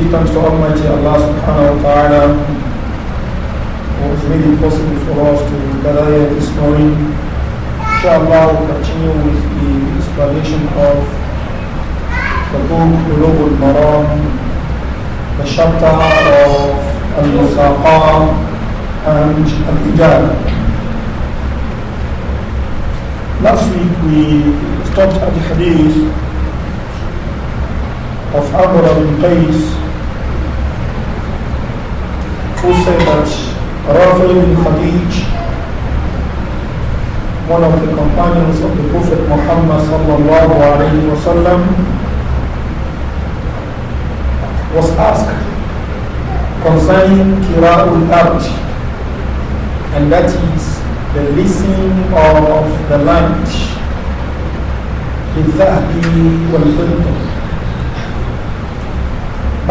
give thanks to Almighty Allah subhanahu wa ta'ala who has made it possible for us to gather here this morning. Inshallah we'll continue with the explanation of the book Ulub al-Maram, the chapter of al and Al-Ijab. Last week we stopped at the hadith of Amr bin Qais say that Rafil bin Khadij, one of the companions of the Prophet Muhammad sallallahu alayhi wa sallam, was asked concerning Kira'ul Ard, and that is the leasing of the land,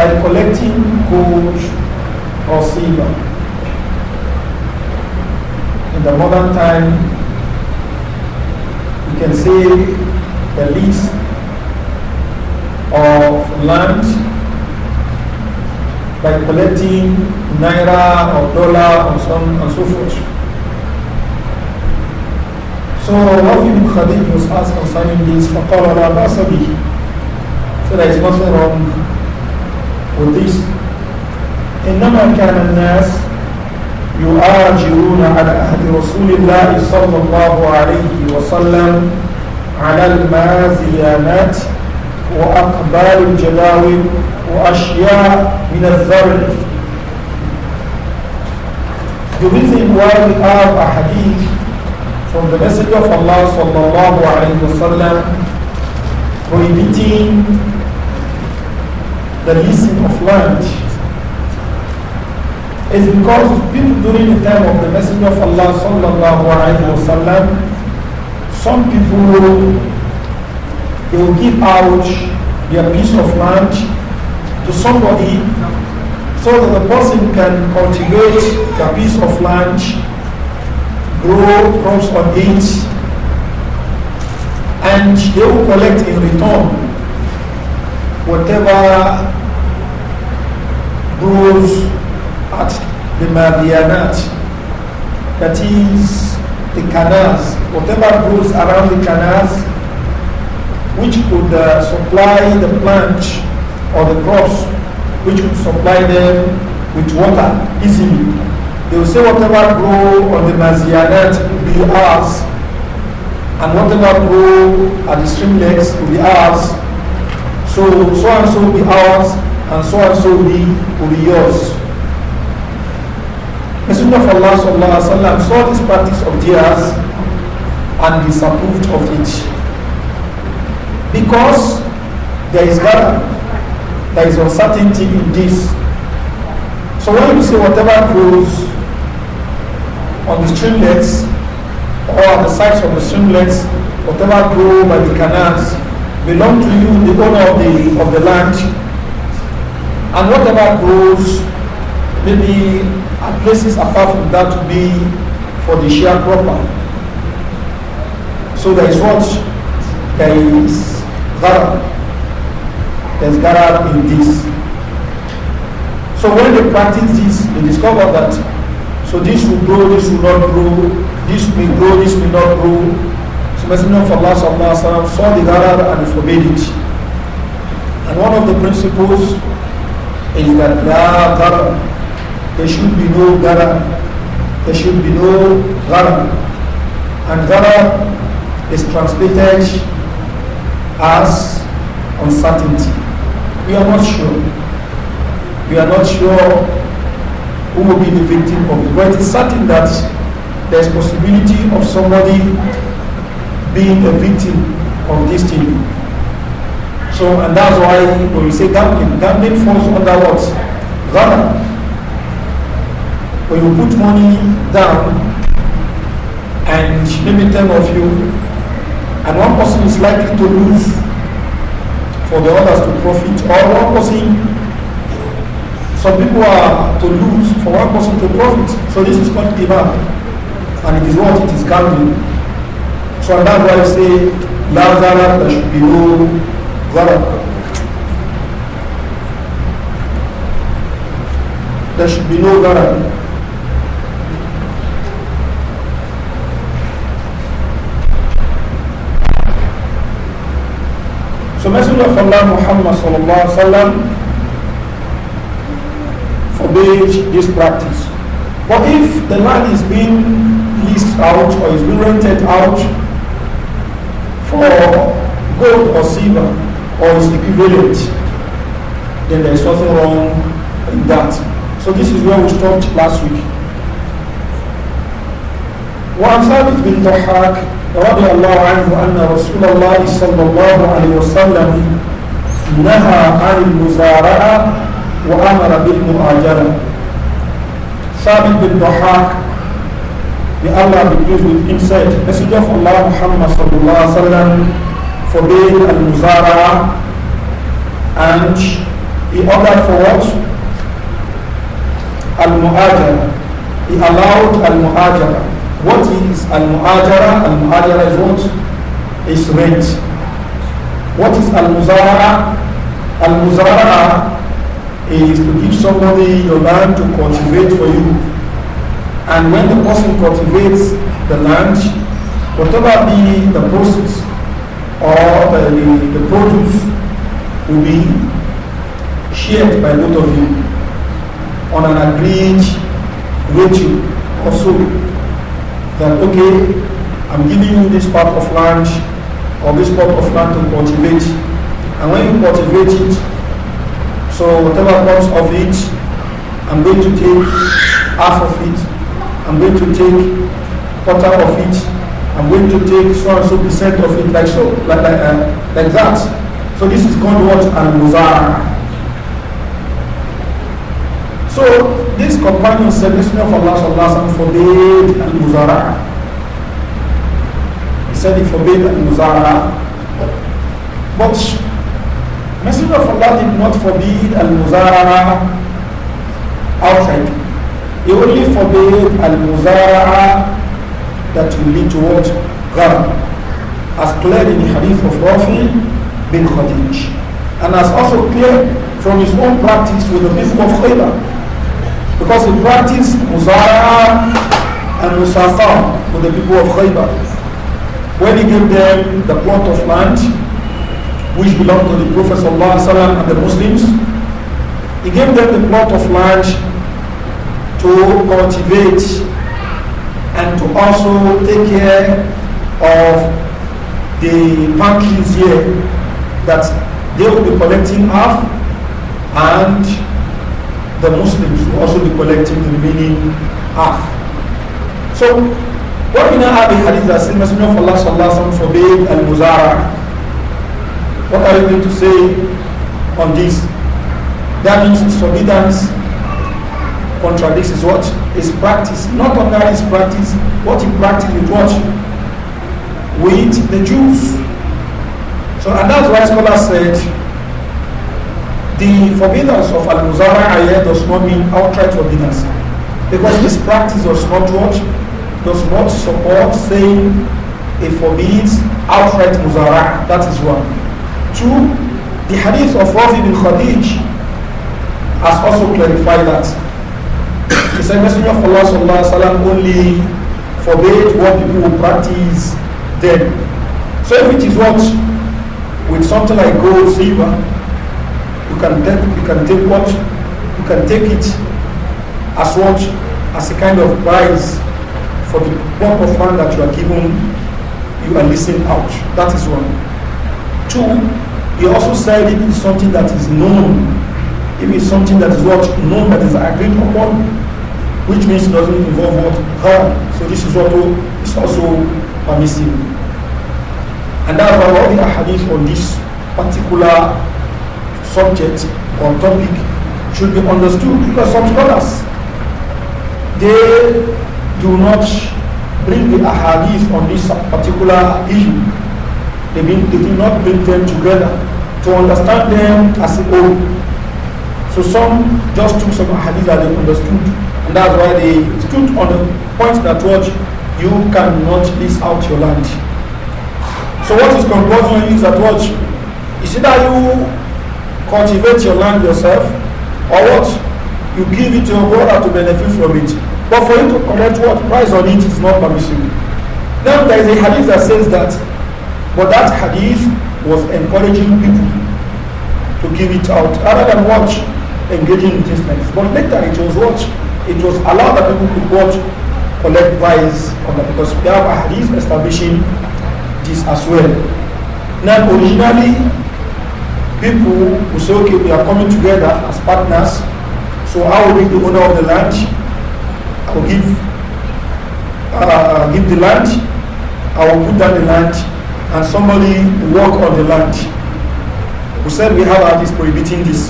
by collecting gold or silver. In the modern time, you can say the lease of land by collecting naira or dollar or so on and so forth. So Rafi bin Khadij was asked concerning this, فَقَالَ لَا بَأْسَ بِهِ So there is nothing wrong with this. إنما كان الناس يؤاجرون على أهد رسول الله صلى الله عليه وسلم على المازيانات وأقبال الجداول وأشياء من الزرع The reason why we have a hadith from the Messenger of Allah sallallahu alayhi wa sallam prohibiting the leasing of land is because people during the time of the Messenger of Allah sallallahu alaihi wasallam, some people they will give out their piece of land to somebody so that the person can cultivate the piece of land, grow crops on it, and they will collect in return whatever grows at the Madianat, that is the canals, whatever grows around the canals, which could uh, supply the plant or the crops, which could supply them with water easily. They will say whatever grow on the Mazianat will be ours, and whatever grow at the streamlets will be ours. So so and so will be ours, and so and so will be, will be yours. Messenger of Allah sallallahu alaihi wasallam saw this practice of theirs and disapproved of it. Because there is God, there is uncertainty in this. So when you say whatever grows on the streamlets or on the sides of the streamlets, whatever grows by the canals belong to you, the owner of the of the land. And whatever grows, maybe and places apart from that to be for the share proper. So there is what? There is Gara. There is Gara in this. So when they practice this, they discover that so this will grow, this will not grow, this will grow, this will not grow. So Messenger of Allah sallallahu saw the Gara and forbade it. And one of the principles is that La Gara there should be no gara, there should be no gara. And gara is translated as uncertainty. We are not sure. We are not sure who will be the victim of it. But it is certain that there is possibility of somebody being a victim of this thing. So, and that's why when we say gambling, gambling falls under what? Ghana. When you put money down and maybe 10 of you, and one person is likely to lose for the others to profit, or one person, some people are to lose for one person to profit. So this is called riba. And it is what? It is gambling. So that's why I say, La there should be no zarar. there should be no guarantee. So Messenger of Allah Muhammad sallallahu alaihi wasallam forbade this practice. But if the land is being leased out or is being rented out for gold or silver or its equivalent, then there is nothing wrong in that. So this is where we stopped last week. وعن ثابت بن ضحاك رضي الله عنه أن رسول الله صلى الله عليه وسلم نهى عن المزارعة وأمر بالمؤاجرة ثابت بن ضحاك الله بالجوز with him said Messenger of Allah Muhammad صلى الله عليه وسلم forbade المزارعة and he ordered for what? المؤاجرة he allowed المؤاجرة al What is al-mu'ajara? Al-mu'ajara is what? Is rent. What is al-muzara'a? Al-muzara is to give somebody your land to cultivate for you. And when the person cultivates the land, whatever be the process or the, the, the produce will be shared by both of you on an agreed ratio Also that, okay, I'm giving you this part of land or this part of land to cultivate. And when you cultivate it, so whatever comes of it, I'm going to take half of it. I'm going to take quarter of it. I'm going to take so and so percent of it, like so, like, like, uh, like that. So this is God what and muzara. So this companion said, Messenger of Allah sallallahu forbade al-muzara. He said he forbade al-muzara. But Messenger of Allah did not forbid al-muzara outright. He only forbade al-muzara that will lead towards God. As clear in the hadith of Rafi bin Khadij. And as also clear from his own practice with the people of Khaybar because he practiced Muzara and Musafa for the people of Khaybar. When he gave them the plot of land which belonged to the Prophet ﷺ and the Muslims, he gave them the plot of land to cultivate and to also take care of the monkeys here that they will be collecting half and the Muslims will also be collecting the remaining half. So, what we now have in hadith that the Messenger of Allah sallallahu forbade al muzara What are you going to say on this? That means forbiddance contradicts his what? His practice. Not under his practice, what he practiced with what? With the Jews. So, and that's why scholars said the forbiddance of al muzara ayah does not mean outright forbiddance. Because this practice does not what? Does not support saying it forbids outright muzara. That is one. Two, the hadith of Rafi bin Khadij has also clarified that. He said, Messenger of Allah sallallahu alayhi wa sallam only forbade what people will practice then. So if it is what? With something like gold, silver, can take you can take what you can take it as what as a kind of prize for the work of man that you are given you are listening out that is one two he also said it is something that is known if it's something that is what known that is agreed upon which means it doesn't involve what her so this is what is also missing. and that's why all the hadith on this particular subject or topic should be understood because some scholars they do not bring the ahadith on this particular issue. They, mean they do not bring them together to understand them as a whole. So some just took some ahadith that they understood and that's why they stood on the point that what you cannot lease out your land. So what is compulsory is that what is either you cultivate your land yourself, or what? You give it to your brother to benefit from it. But for you to collect what price on it is not permissible. Now there is a hadith that says that, but that hadith was encouraging people to give it out rather than watch engaging in this things. But later it was what it was allowed that people could watch collect price on that because we have a hadith establishing this as well. Now originally people will say, okay, we are coming together as partners, so I will be the owner of the land, I will give, uh, give the land, I will put down the land, and somebody will work on the land. We said we have artists prohibiting this,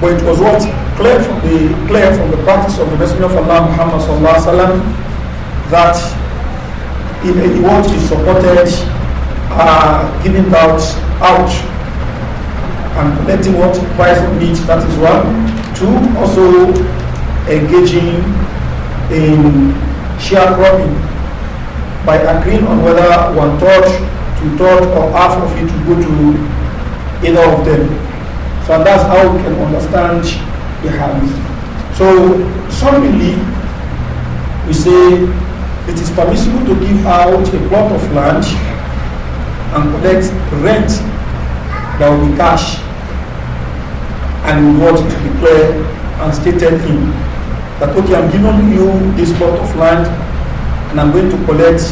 but it was what? Clear from the, clear from the practice of the Messenger of Allah, Muhammad sallallahu alaihi wasallam, that he, he what is supported, uh, giving out out and collecting what price of that is one. Two, also engaging in sharecropping by agreeing on whether one third, two third, or half of it to go to either of them. So that's how we can understand the hadith. So suddenly we say it is permissible to give out a plot of land and collect rent that will be cash and you want it to declare and stated him that okay I'm giving you this plot of land and I'm going to collect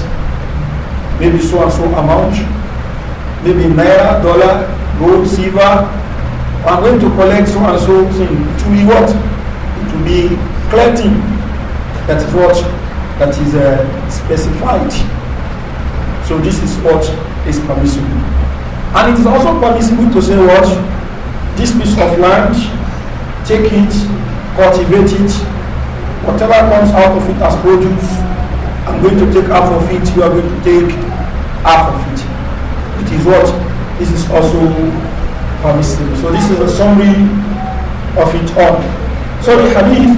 maybe so and so amount, maybe naira, dollar, gold, silver. I'm going to collect so and so thing. to be what? to be collecting. That is what that is uh, specified. So this is what is permissible. And it is also permissible to say what? this piece of land, take it, cultivate it. Whatever comes out of it as produce, I'm going to take half of it, you are going to take half of it. It is what? This is also permissible. So this is a summary of it all. So the hadith,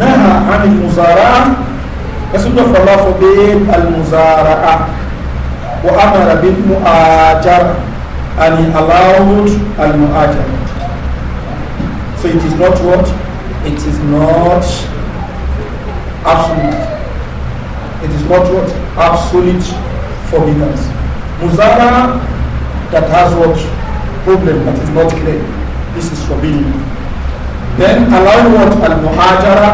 Naha an al muzara, Messenger of Allah forbade al muzara wa amara bil mu'ajara. and he allowed al muajjal so it is not what it is not absolute it is not what absolute forbiddance muzana that has what problem that is not clear this is forbidden then allow what al muhajara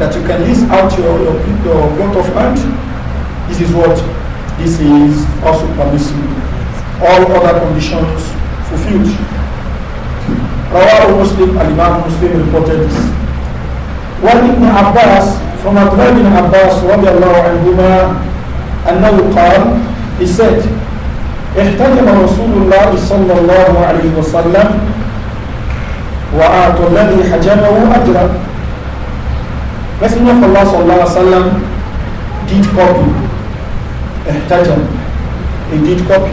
that you can lease out your your, your of land this is what this is also permissible all other conditions fulfilled. Rawahu Muslim, Al-Imam Muslim reported this. One Ibn Abbas, from Abdullah bin Abbas رضي الله عنهما أنه قال, he said, احتجم رسول الله صلى الله عليه وسلم وآتوا الذي حجمه أجرا Messenger of Allah صلى الله عليه وسلم did copy احتجم he did copy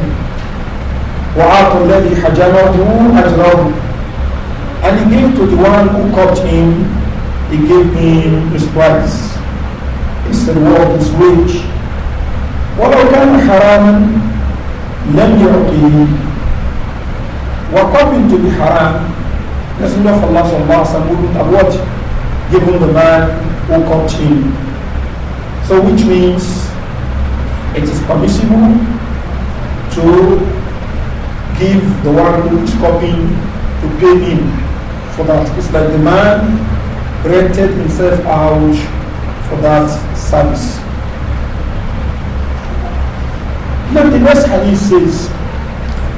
وَعَطُ الَّذِي حَجَمَهُ أَجْرَهُ And he gave to the one who caught him, he gave him his price, his reward, his wage. وَلَوْ كَانَ حَرَامًا لَمْ يُعْطِهِ وَقَبِلْ to be haram, know for Allah sallallahu alayhi wa wouldn't have what? Given the man who caught him. So which means it is permissible to give the one who is copying to pay him for that. It's like the man rented himself out for that service. Now the next hadith says,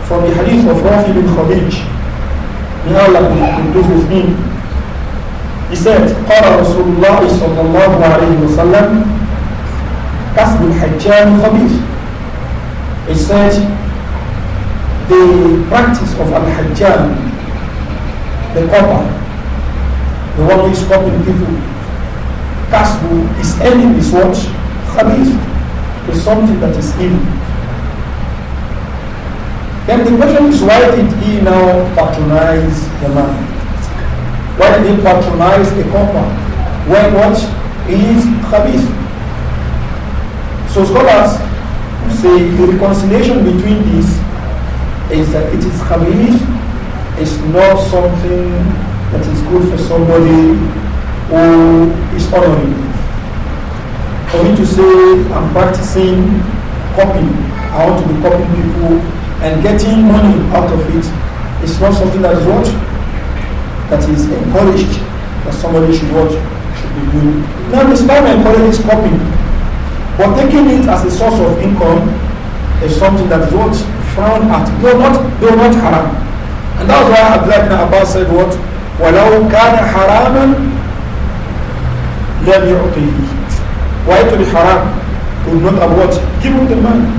from the hadith of Rafi bin Khadij, من أولى بالحدوث اثنين He said, قال رسول الله صلى الله عليه وسلم كسب الحجام خبيث He said, the practice of Al-Hajjam, the copper, the one who is copying people, Kasbu, is ending his watch, Khabith, is something that is evil. Then the question is why did he now patronize the man? Why did he patronize the copper? Why watch? He is Khabith. So scholars say the reconciliation between these is that it is khabith, it's not something that is good for somebody who is honoring. For me to say I'm practicing copying, I want to be copying people and getting money out of it, it's not something that is what? That is encouraged that somebody should watch, should be doing. Now Islam is copying, but taking it as a source of income is something that is what? Found at. They were not, they not haram. And that's why Abdullah ibn Abbas said what? وَلَوْ كَانَ حَرَامًا لَمْ يُعْطِهِ Why to be haram? Could not have what? Given the man.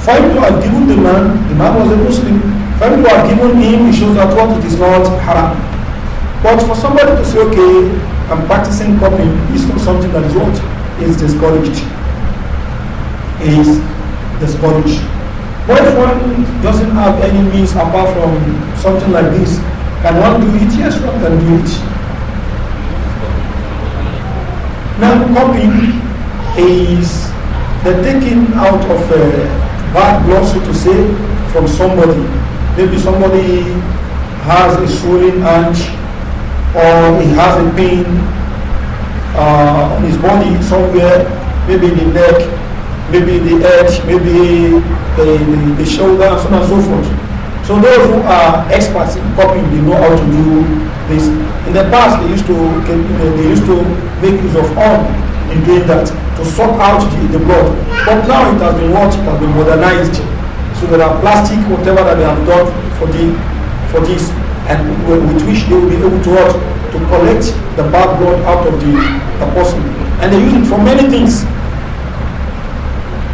For him to have given the man, the man was a Muslim. For him to have given him, he shows that what? It is not haram. But for somebody to say, okay, I'm practicing copying, is not something that is It's discouraged. Is discouraged. Boyfriend if one doesn't have any means apart from something like this, can one do it? Yes, one can do it. Now, copying is the taking out of a bad blood, so to say, from somebody. Maybe somebody has a swollen hand or he has a pain uh, on his body somewhere, maybe in the neck, maybe in the head, maybe the, the, the shoulder, and so on and so forth. So those who are experts in copying, they know how to do this. In the past, they used to uh, they used to make use of arm in doing that to suck out the, the blood. But now it has been what it has been modernized. So there are plastic, whatever that they have done for the for this, and with which they will be able to what to collect the bad blood out of the, the person. And they use it for many things.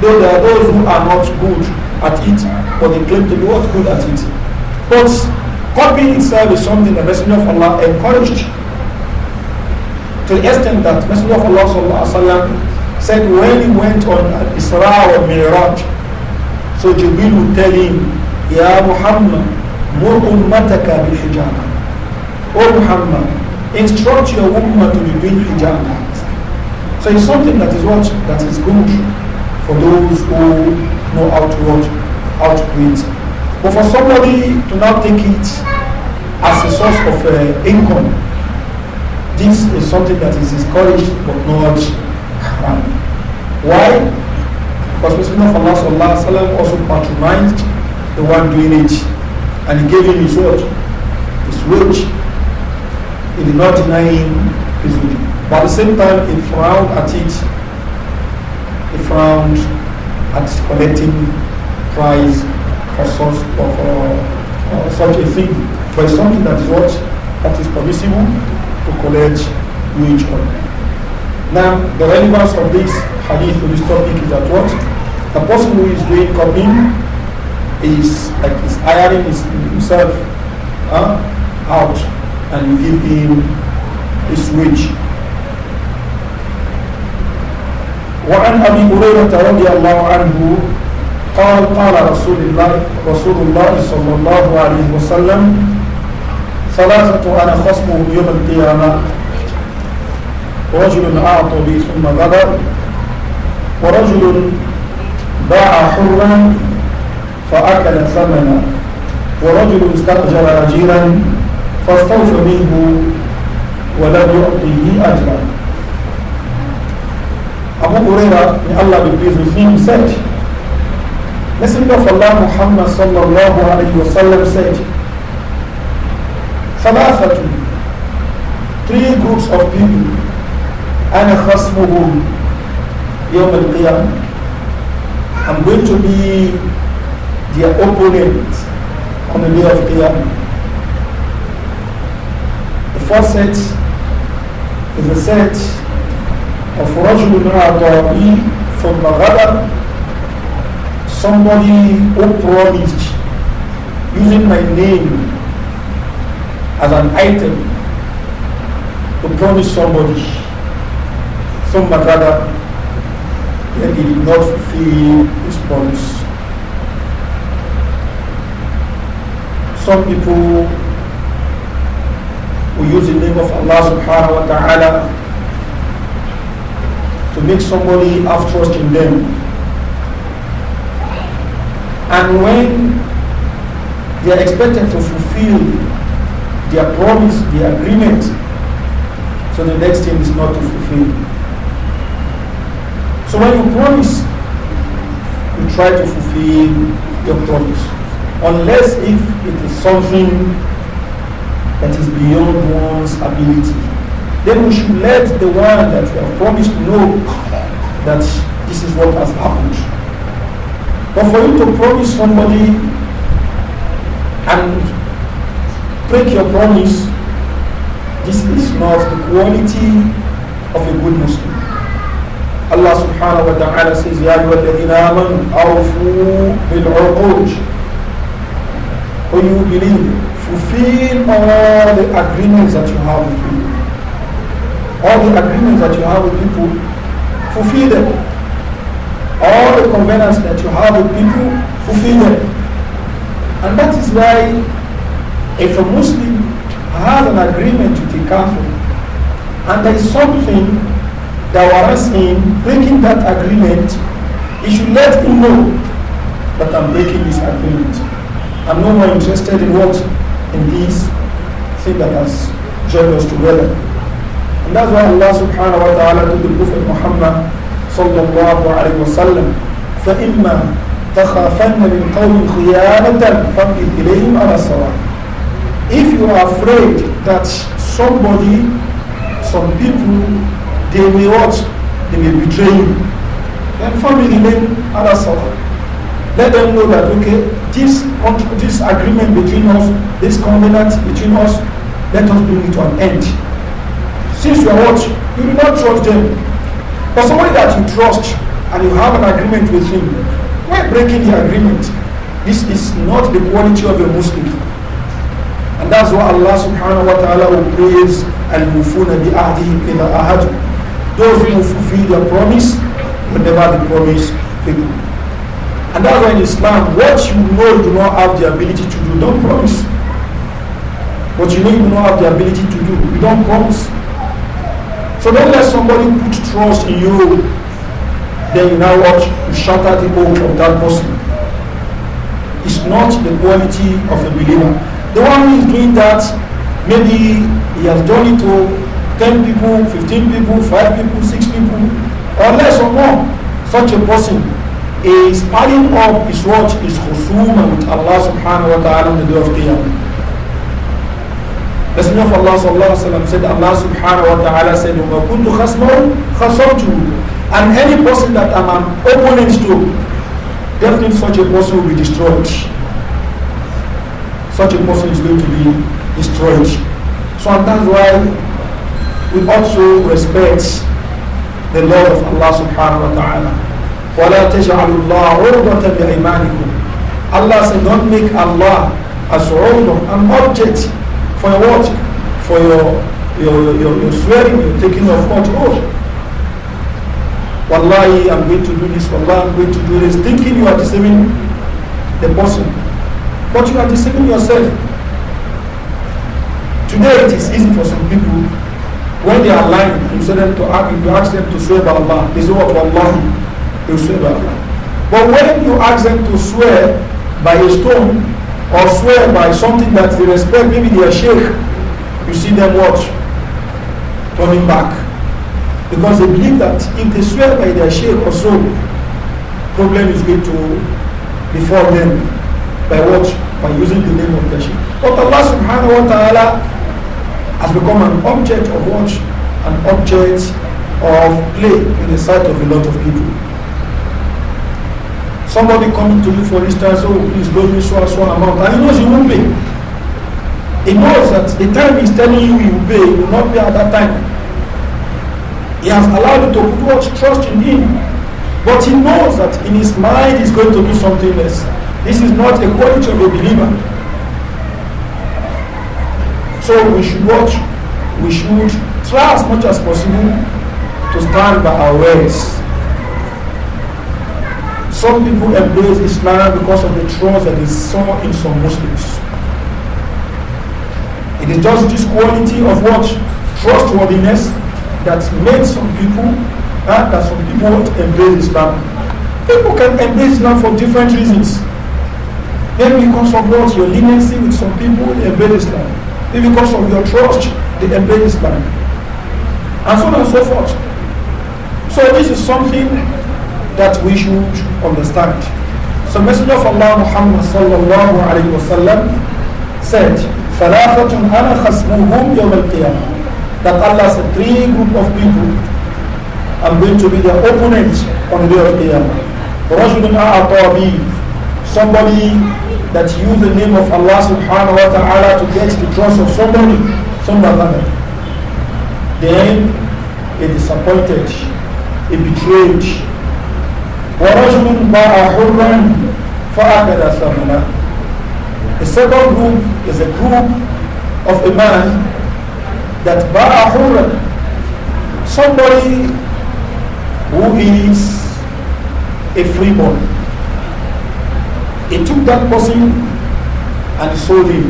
Though there are those who are not good at it, but they claim to be what good at it. But copying itself is something the Messenger of Allah encouraged to the extent that Messenger of Allah وسلم, said when he went on Isra or Miraj, so Jibril would tell him, Ya Muhammad, mur ummataka bil hijama. O Muhammad, instruct your ummah to be doing hijama. So it's something that is what? That is good for those who know how to watch, how to create, But for somebody to not take it as a source of uh, income, this is something that is discouraged but not haram. Why? Because Messenger of Allah sallallahu sallam, also patronized the one doing it and he gave him his word, his wage. He did not deny him his wage. But at the same time, he frowned at it he frowned at collecting prize for such, uh, such a thing. But it's something that is what that is permissible to collect wage one. Now, the relevance of this hadith to this topic is that what the person who is doing copying is like is hiring his, himself uh, out and you him his wage وعن أبي هريرة رضي الله عنه قال قال رسول الله رسول الله صلى الله عليه وسلم ثلاثة أنا خصمه يوم القيامة رجل أعطى بي ثم غدر ورجل باع حرا فأكل ثمنا ورجل استأجر أجيرا فاستوفى منه ولم يعطيه أجرا Abu Huraira, may Allah be pleased with him, said, Messenger of Allah Muhammad sallallahu alayhi wa sallam said, ثلاثة three groups of people أنا خصمهم يوم القيامة I'm going to be their opponent on the day of Qiyamah. The first set is the set of رجل أعطاني ثم غدا somebody who promised using my name as an item to promise somebody ثم غدا then he did not fulfill his promise some people who use the name of Allah subhanahu wa ta'ala to make somebody have trust in them. And when they are expected to fulfill their promise, their agreement, so the next thing is not to fulfill. So when you promise, you try to fulfill your promise. Unless if it is something that is beyond one's ability then we should let the one that we have promised know that this is what has happened. But for you to promise somebody and break your promise, this is not the quality of a good Muslim. Allah subhanahu wa ta'ala says, Ya ayyuhalladhina amanu awfu bil uqud. you believe, fulfill all the agreements that you have with all the agreements that you have with people, fulfill them. All the covenants that you have with people, fulfill them. And that is why if a Muslim has an agreement with a kafir, and there is something that warrants him breaking that agreement, he should let him know that I'm breaking this agreement. I'm no more interested in what? In this thing that has joined us together. نفى الله سبحانه وتعالى ضد الكفر محمد صلى الله عليه وسلم فَإِمَّا تَخَافَنَّ مِنْ قَوْمٍ خِيَانَةً فَقِدْ إِلَيْهِمْ عَلَى الصلاة If you are afraid that somebody, some people, they may what? They may betray you. Then family name ala sawa. Let them know that okay, this this agreement between us, this covenant between us, let us bring it to an end. Since you are what? You do not trust them. But somebody that you trust and you have an agreement with him, why breaking the agreement? This is not the quality of a Muslim. And that's why Allah subhanahu wa ta'ala will praise al-mufuna bi'ahdihim ila ahadu. Those who fulfill their promise never the promise people. And that's why in Islam, what you know you do not have the ability to do, don't promise. What you know you do not have the ability to do, you don't promise. So don't let somebody put trust in you. Then you now watch, you shatter the hope of that person. It's not the quality of a believer. The one who is doing that, maybe he has done it to 10 people, 15 people, 5 people, 6 people, or less or more. Such a person is adding up his watch, his and with Allah subhanahu wa ta'ala on the day of Qiyamah. Messenger of Allah sallallahu alaihi wasallam said, Allah subhanahu wa ta'ala said, وَكُنْتُ خَصْمًا خَصَمْتُهُ And any person that I'm an opponent to, definitely such a person will be destroyed. Such a person is going to be destroyed. So that's why we also respect the law of Allah subhanahu wa ta'ala. وَلَا تَجْعَلُ اللَّهَ عُرْضَةً لِأَيْمَانِكُمْ Allah said, don't make Allah as عُرْضَةً, an object for your what? For your your, your, your swearing, your taking of what oath. Wallahi, I'm going to do this. Wallahi, I'm going to do this. Thinking you are deceiving the person. But you are deceiving yourself. Today it is easy for some people when they are lying, you say them to ask, you ask them to swear by Allah. They say oh, what Allah. they swear by Allah. But when you ask them to swear by a stone, or swear by something that they respect, maybe their sheikh, you see them what? Turning back. Because they believe that if they swear by their sheikh or so, problem is going to befall them by what? By using the name of their sheikh. But Allah subhanahu wa ta'ala has become an object of watch, An object of play in the sight of a lot of people. somebody coming to you for instance oh please loan me so and so amount and he knows he won't pay he knows that the time is telling you he will pay he will not pay at that time he has allowed you to put much trust in him but he knows that in his mind is going to do something else this is not a quality of a believer so we should watch we should try as much as possible to stand by our ways. Some people embrace Islam because of the trust that they saw in some Muslims. It is just this quality of what? Trustworthiness that made some people, uh, that some people embrace Islam. People can embrace Islam for different reasons. Maybe because of what? Your leniency with some people, they embrace Islam. Maybe because of your trust, they embrace Islam. And so on and so forth. So this is something that we should understand. So Messenger of Allah Muhammad sallallahu alayhi wa sallam said, فَلَافَةٌ أَنَا خَسْمُهُمْ يَوْمَ الْقِيَامَةِ That Allah said, three group of people I'm going to be their opponent on the day of Qiyamah. رَجُلٌ Somebody that used the name of Allah subhanahu wa ta'ala to get the trust of somebody, some other. Then he disappointed, he betrayed, ورجل باع حرا فأخذ ثمنه The second group is a group of a man that باع حرا somebody who is a freeborn. He took that person and sold him.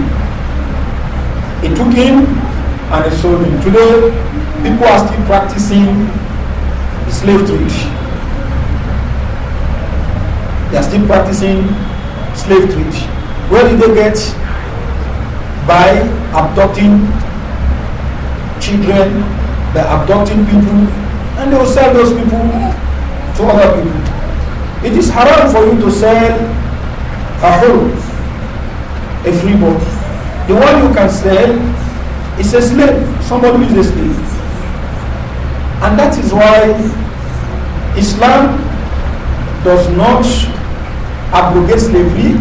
He took him and sold him. Today, people are still practicing slave trade. They are still practicing slave trade. Where did they get? By abducting children, by abducting people, and they will sell those people to other people. It is haram for you to sell a whole, a freeborn. The one you can sell is a slave, somebody who is a slave. And that is why Islam does not abrogate slavery.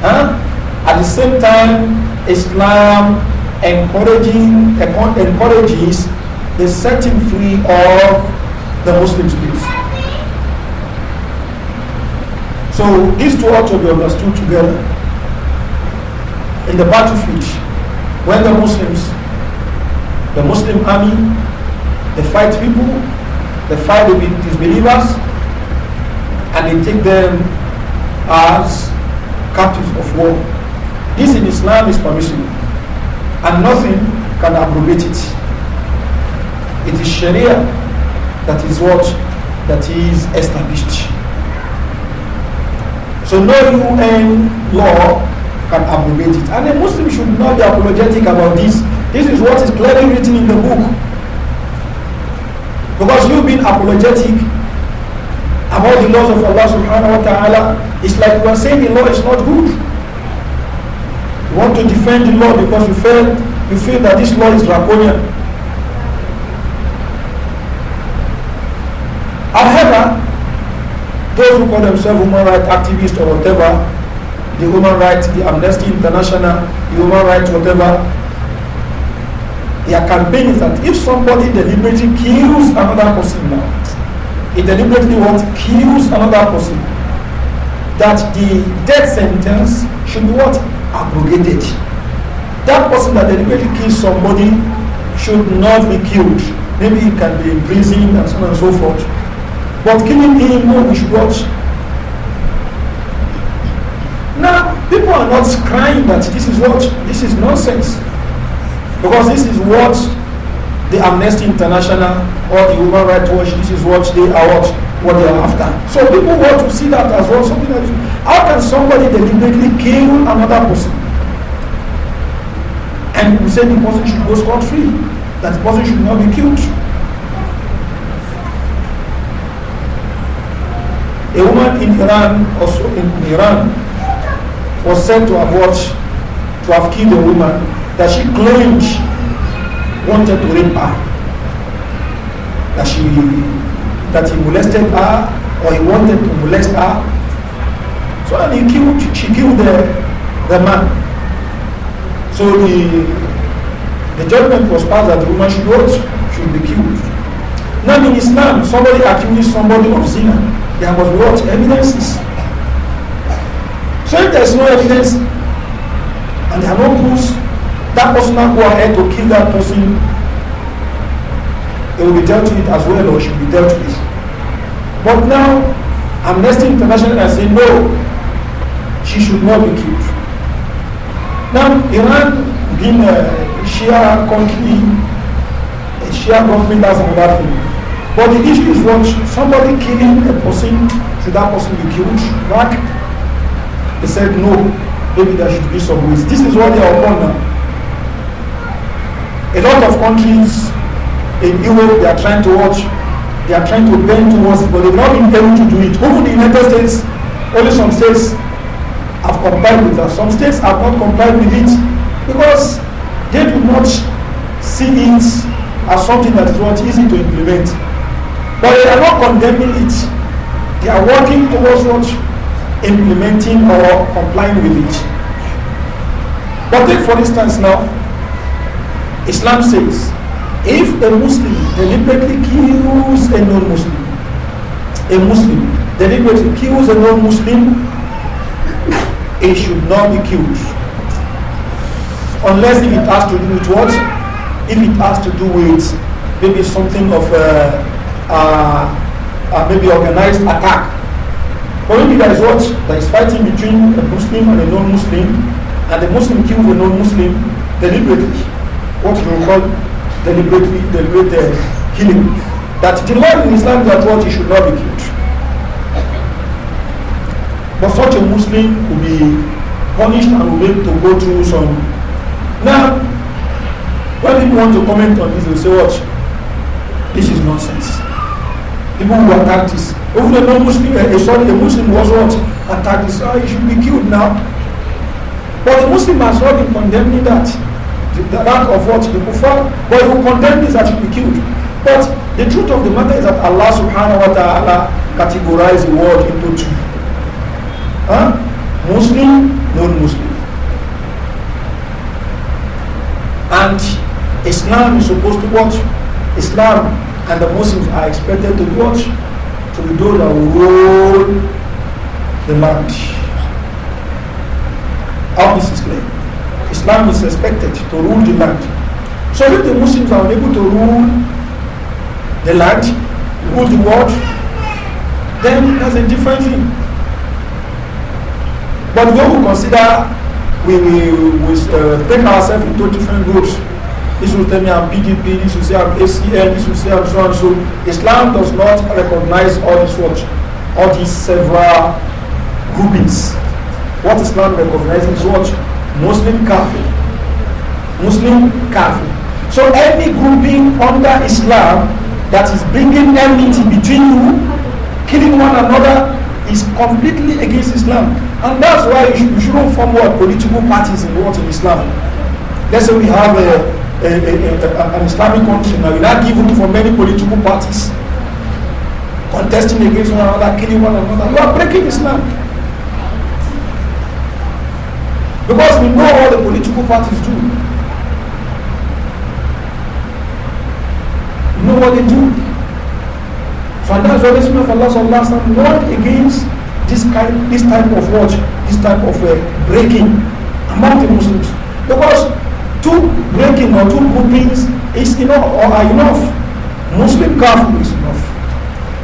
Huh? At the same time, Islam encouraging, encourages the setting free of the Muslim slaves. So these two ought to be understood together. In the battlefield, when the Muslims, the Muslim army, the fight people, the fight with disbelievers, and they take them as captives of war. This in Islam is permissible and nothing can abrogate it. It is Sharia that is what that is established. So no UN law can abrogate it. And a Muslim should not be apologetic about this. This is what is clearly written in the book. Because you've been apologetic about the laws of Allah subhanahu wa ta'ala it's like we're saying the law is not good. You want to defend the law because you feel, you feel that this law is draconian. However, those who call themselves human rights activists or whatever, the human rights, the Amnesty International, the human rights, whatever, their campaign is that if somebody deliberately kills another person now, He deliberately what kills another person. That the death sentence should be what abrogated. That person that deliberately kills somebody should not be killed. Maybe he can be imprisoned and so on and so forth. But killing him, no, we should watch. Now, people are not crying that this is what this is nonsense. Because this is what the Amnesty International or the Human Rights Watch, this is what they are what, what they are after. So people want to see that as well, something like How can somebody deliberately kill another person? And we say the person should go scot-free, that the person should not be killed. A woman in Iran, also in Iran, was said to have watched, to have killed a woman that she claimed wanted to rape her, that she that he molested her or he wanted to molest her. So and he killed, she killed the, the man. So the the judgment was passed that the woman should what should be killed. Now in Islam, somebody accuses somebody of sin. There was what evidences. So if there is no evidence and there are no proofs, that person not go ahead to kill that person, they will be dealt with as well or should be dealt with. But now, Amnesty International has said no, she should not be killed. Now, Iran being a Shia country, a Shia government, that's another thing. But the issue is what somebody killing a person, should that person be killed back? They said no, maybe there should be some ways. This is what they are upon now. A lot of countries in Europe, they are trying to watch, they are trying to bend towards it, but they they've not been able to do it. Even the United States, only some states have complied with that. Some states have not complied with it because they do not see it as something that is not easy to implement. But they are not condemning it. They are working towards not implementing or complying with it. But take for instance now, Islam says if a Muslim deliberately kills a non-Muslim, a Muslim deliberately kills a non-Muslim, it should not be killed. Unless if it has to do with what? If it has to do with maybe something of a, a, a maybe organized attack. But maybe there is what? There is fighting between a Muslim and a non-Muslim, and the Muslim kills the non-Muslim deliberately what we call deliberately deliberate killing. That the law in Islam that what he should not be killed. But such a Muslim will be punished and will make to go through some. Now, when people want to comment on this, they say, what? This is nonsense. People who attack this, even a non-Muslim, a, eh, eh, sorry, a Muslim was what? Attacked this, oh, he should be killed now. But the Muslim has not been condemning that. the rank of what? The kuffar. But who condemn is that should be killed. But the truth of the matter is that Allah subhanahu wa ta'ala categorized the world into two. Huh? Muslim, non-Muslim. And Islam is supposed to watch. Islam and the Muslims are expected to watch to be those that rule the land. How this is clear. Islam is respected to rule the land. So if the Muslims are unable to rule the land, rule the world, then that's a different thing. But when we consider we will we, uh, take ourselves into different groups. This will tell me I'm PDP, this will say I'm ACL, this will say I'm so and so. Islam does not recognize all these what, all these several groupings. What Islam recognizes is what Muslim kafir. Muslim kafir. So any grouping under Islam that is bringing enmity between you, killing one another, is completely against Islam. And that's why you shouldn't form what political parties in what in Islam. Let's say we have a, a, a, an Islamic country now, we now give for many political parties contesting against one another, killing one another. You are breaking Islam. Because we know what the political parties do. We know what they do. So and that's why the Messenger of Allah Sallallahu Alaihi Wasallam against this kind, this type of watch, this type of uh, breaking among the Muslims. Because two breaking or two groupings is enough or are enough. Muslim kafir is enough.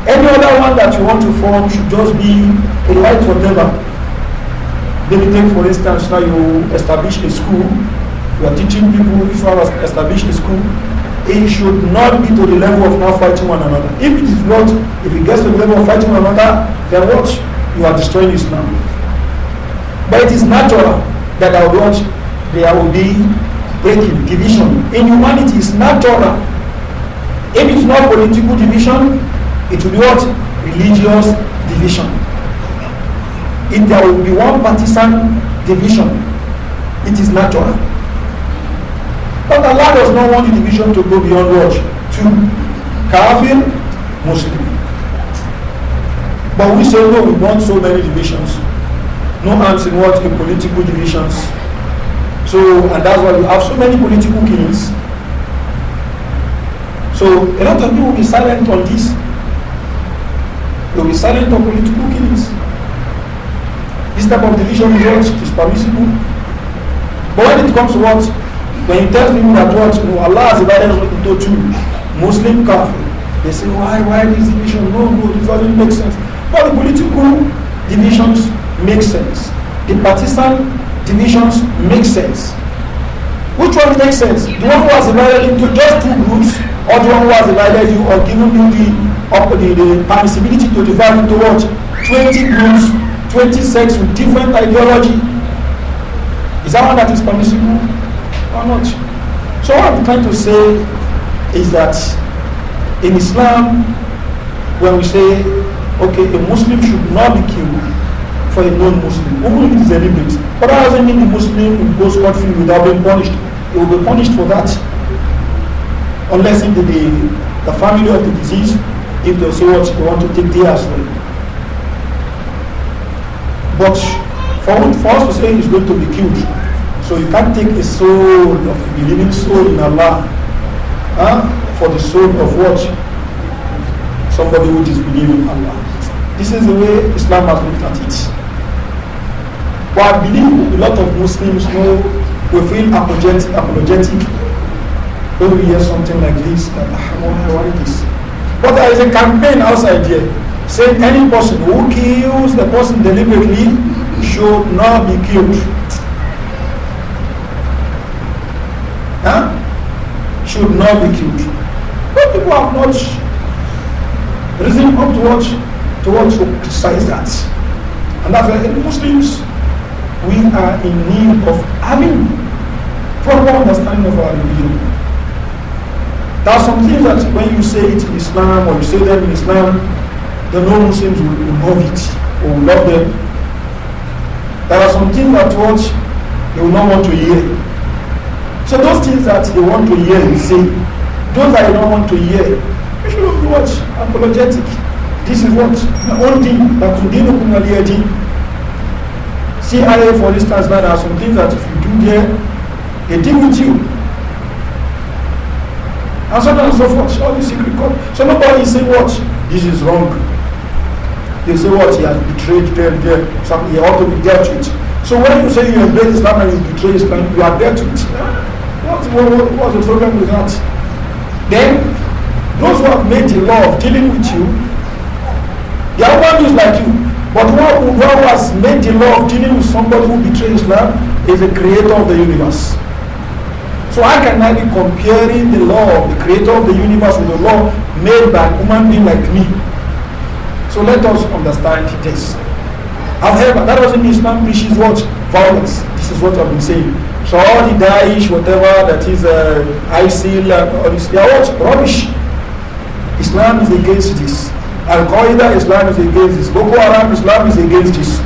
Any other one that you want to form should just be a light whatever. Maybe take for instance now you establish a school, you are teaching people if you have established a school, it should not be to the level of now fighting one another. If it is not, if it gets to the level of fighting one another, then what? You are destroying Islam. But it is natural that I watch, there will be breaking, division. In humanity, it's natural. If it's not political division, it will be what? Religious division if there will be one partisan division it is natural but Allah does not want the division to go beyond what two kafir muslim but we say no we want so many divisions no hands in what in political divisions so and that's why we have so many political kings. so a lot of people will be silent on this they will be silent on political kings. This type of division is what is permissible. But when it comes to what? When you tell people that what you know, Allah has divided us into two, Muslim, Kafir, they say, why, why this division? No, no, It doesn't make sense. But the political divisions make sense. The partisan divisions make sense. Which one makes sense? The one who has divided into just two groups, or the one who has divided you or given you the, the, the permissibility to divide into what? 20 groups 20 sects with different ideology. Is that one that is permissible or not? So what I'm trying to say is that in Islam, when we say, okay, a Muslim should not be killed for a non-Muslim, even if it is deliberate, but that doesn't mean the Muslim will go scot-free without being punished. He will be punished for that, unless if the, the, the family of the deceased, if they say what they want to take theirs. Well. But for, for us to say he's going to be killed, so you can't take a soul of a believing soul in Allah huh, for the soul of what? Somebody who disbelieves in Allah. This is the way Islam has looked at it. But I believe a lot of Muslims know we feel apologetic, apologetic when we hear something like this that I want to worry this. But there is a campaign outside here said any person who kills the person deliberately should not be killed. Huh? Should not be killed. But people have not reason up to what to what to criticize that. And that's why Muslims we are in need of having proper understanding of our religion. There are some things that when you say it in Islam or you say them in Islam, the non-Muslims will love it, will love them. There are some things that what they will not want to hear. So those things that they want to hear and say, those that you don't want to hear, you should be what? Apologetic. This is what the only thing that could deal with reality. CIA, for instance, now there are some things that if you do there, they deal with you. And so on and so forth. All the secret code. So nobody is saying what? This is wrong. They say what? He has betrayed them, them. he ought to be dealt with. So when you say you embrace Islam and you betray Islam, you are dealt with. What's, what, what, what's the problem with that? Then, those who have made the law of dealing with you, they are one beings like you. But one who has made the law of dealing with somebody who betrays Islam is the creator of the universe. So I can I be comparing the law of the creator of the universe with the law made by a human being like me? So let us understand this. However, that doesn't mean Islam preaches what? Violence. This is what I've been saying. So all the Daesh, whatever that is uh, ISIL, uh, all this, they are what? Rubbish. Islam is against this. Al-Qaeda, Islam is against this. Boko Haram, Islam is against this.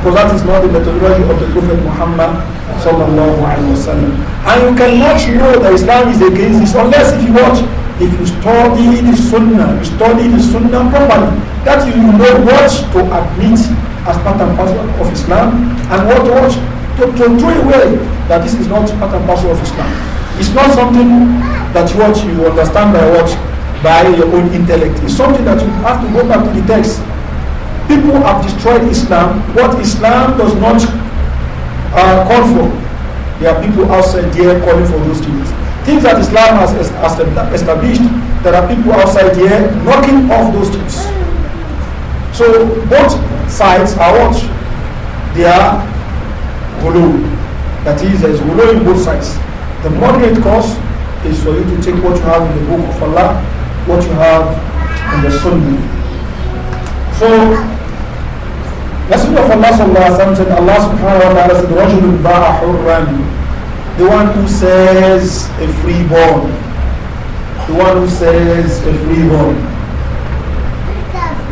Because that is not the methodology of the Prophet Muhammad sallallahu alaihi wasallam. And you cannot know that Islam is against this unless if you watch if you study the Sunnah, you study the Sunnah properly, that you know what to admit as part and parcel of Islam and what what to, to throw away that this is not part and parcel of Islam. It's not something that what you understand by what by your own intellect. It's something that you have to go back to the text. People have destroyed Islam. What Islam does not uh, call for, there are people outside there calling for those things. Things that Islam has, established, there are people outside here knocking off those things. So both sides are what? They are gulu. That is, there is gulu in both sides. The moderate course is for you to take what you have in the book of Allah, what you have in the Sunnah. So, Messenger of Allah said, Allah subhanahu wa ta'ala said, رَجُلٌ بَاعَ حُرًّا the one who says a freeborn. The one who says a freeborn.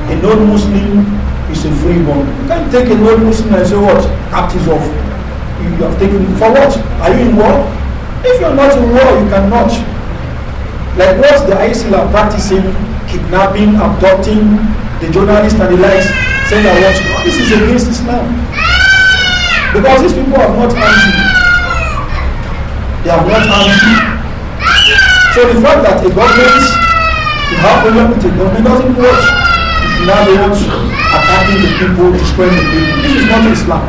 A non-Muslim is a freeborn. You can't take a non-Muslim and say what? Captives of. You, you have taken for what? Are you in war? If you're not in war, you cannot. Like what the ISIL are practicing, kidnapping, abducting the journalists and the likes, saying that what? This is against Islam. Because these people have not answered. They have not answered. So the fact that a government, you have problem with a government doesn't work. If you now don't attacking the people, destroying the people, this is not Islam.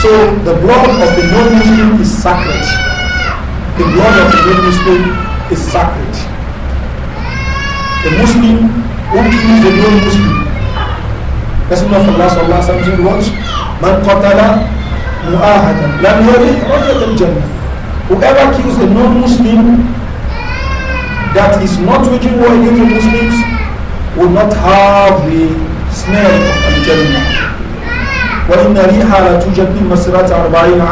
So the blood of the non-Muslim is sacred. The blood of the non-Muslim is sacred. The Muslim who kills the non-Muslim, That's not for the sallallahu of wasallam said, "What man qatala مؤاهدة whoever kills a non-Muslim that is not waging war against the Muslims will not have the smell of Al-Jannah. وَإِنَّ رِيحَا لَتُوجَدْ مِنْ مَسِرَةِ أَرْبَعِينَ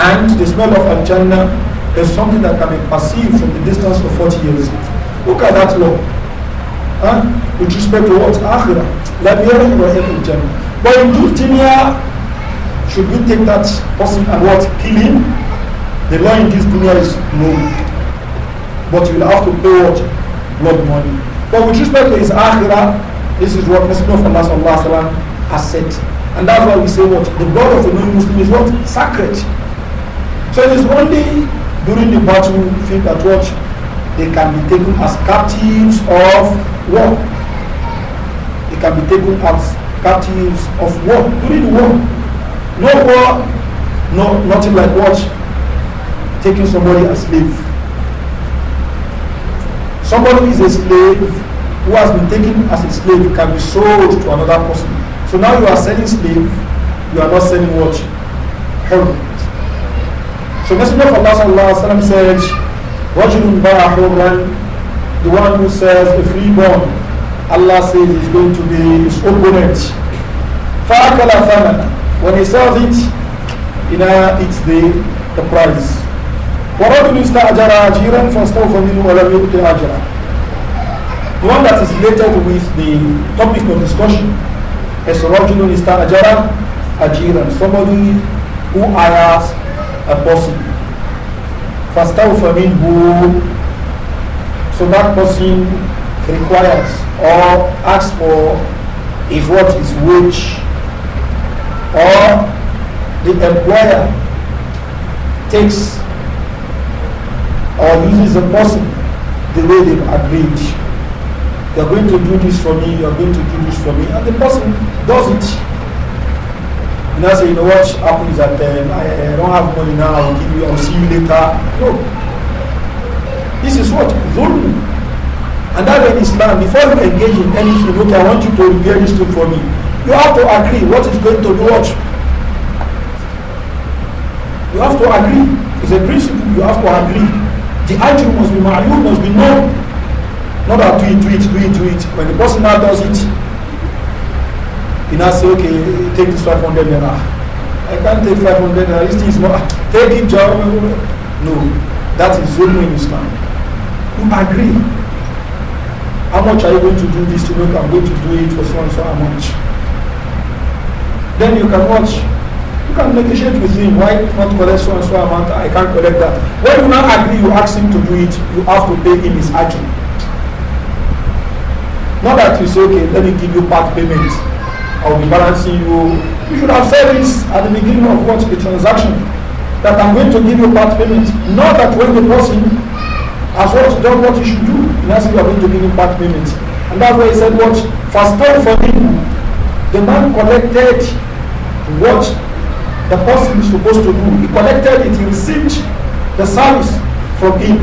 And the smell of Al-Jannah is something that can be perceived from the distance of 40 years. Look at that law. Huh? With respect to what? Akhirah. لَمْ يَرَحْ رَحِمُ Jannah. But in dunya, should we take that person and what? Kill him? The law in this dunya is no. But you will have to pay what? Blood money. But with respect to his akhirah, this is what Messenger of Allah sallallahu alayhi wa has said. And that's why we say what? The blood of a non-Muslim is what? Sacred. So it is only during the battle field that what? They can be taken as captives of war. They can be taken as captives of war during the war. No war, no nothing like what taking somebody as slave. Somebody is a slave who has been taken as a slave can be sold to another person. So now you are selling slave, you are not selling what? Hurry. So Messenger of Allah sallam, said, Rajulun ba'a The one who sells a freeborn Allah says is going to be his opponent. Farakala Thamana, when he sells it, you know, it's the, the price. وَرَجُلُ اسْتَأْجَرَ أَجِيرًا فَاسْتَوْفَ مِنْهُ وَلَمْ يُؤْتِ أَجْرًا The one that is related with the topic of discussion is رَجُلُ اسْتَأْجَرَ أَجِيرًا Somebody who hires a person. فَاسْتَوْفَ مِنْهُ So that person requires or asks for is what is wage or the employer takes or uses a person the way they've agreed. You're going to do this for me, you're going to do this for me, and the person does it. And I say, you know what happens that um, uh, I, I, don't have money now, I'll give you, I'll see you later. No. This is what? And that in Islam, before you engage in anything, okay, I want you to repair this thing for me. You have to agree what is going to do what. You have to agree. It's a principle. You have to agree. The action must be ma'lum, must be known. Not that do it, do it, do it, do it. When the person now does it, he now say, okay, take this five hundred naira. I can't take 500 naira. This thing is not, take it, job. No, that is zulm in Islam. You agree. How much are you going to do this to make? I'm going to do it for so and so how much. Then you can watch. You can negotiate with him. Why not collect so and so amount? I can't collect that. When you now agree, you ask him to do it, you have to pay him his agent. Not that you say, okay, let me give you part payment. I'll be balancing you. You should have said this at the beginning of what the transaction that I'm going to give you part payment. Not that when the person has what done what he should do, financing you are going to give him back payment. And that's why he said, "Watch, First all for him, the man collected what the person is supposed to do. He collected it, he received the service from him.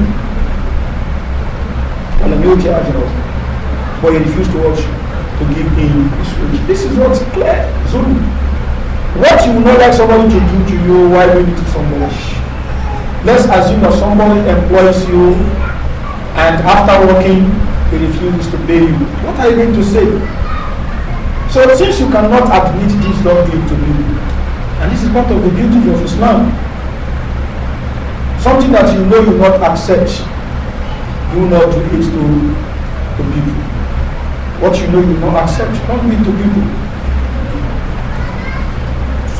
And the guilty agent. But he refused to watch to give him his wage. This is what's clear. Zulu. What you would not like somebody to do to you, why do it to somebody? Let's assume that somebody employs you and after walking, he refuses to pay you. What are you going to say? So since you cannot admit this doctrine to be, and this is part of the beauty of Islam, something that you know you not accept, do not do it to, to people. What you know you not accept, don't do it to people.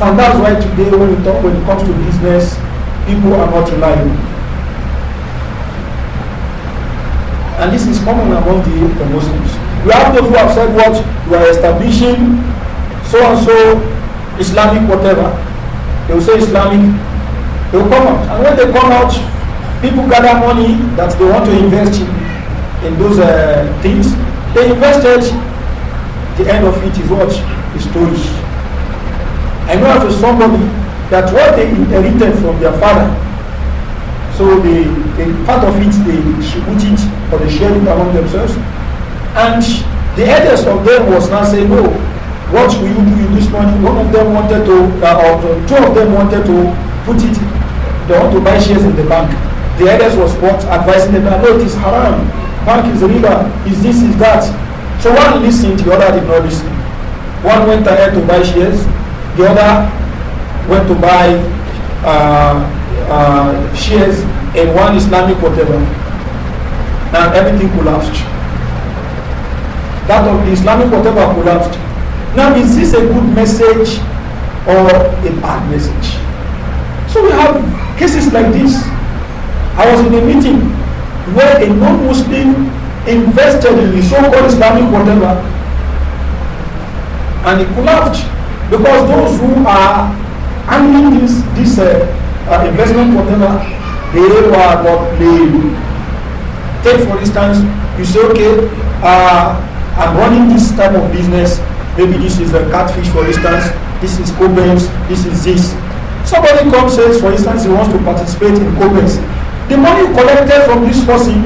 So and that's why today when, talk, when it comes to business, people are not reliable. And this is common among the, the Muslims. We have those who have said what we are establishing so and so Islamic whatever. They will say Islamic. They will come out. And when they come out, people gather money that they want to invest in, in those uh, things. They invested. The end of it is what? Is stories. I know of somebody that what they inherited from their father. So they They, part of it, they put it for the sharing among themselves. And the eldest of them was now saying, no, what will you do with this money? One of them wanted to, uh, or two of them wanted to put it, they want to buy shares in the bank. The eldest was what advising them, no, it is haram. Bank is riba, is this, is that. So one listened, the other did not listen. One went ahead to buy shares, the other went to buy uh, uh, shares in one Islamic whatever, and everything collapsed. That of the Islamic whatever collapsed. Now, is this a good message or a bad message? So we have cases like this. I was in a meeting where a non-Muslim invested in the so-called Islamic whatever, and it collapsed because those who are handling this, this uh, uh, investment whatever they were not playing. Take for instance, you say, okay, uh, I'm running this type of business. Maybe this is a catfish, for instance. This is Cobens. This is this. Somebody comes says, for instance, he wants to participate in Cobens. The money collected from this person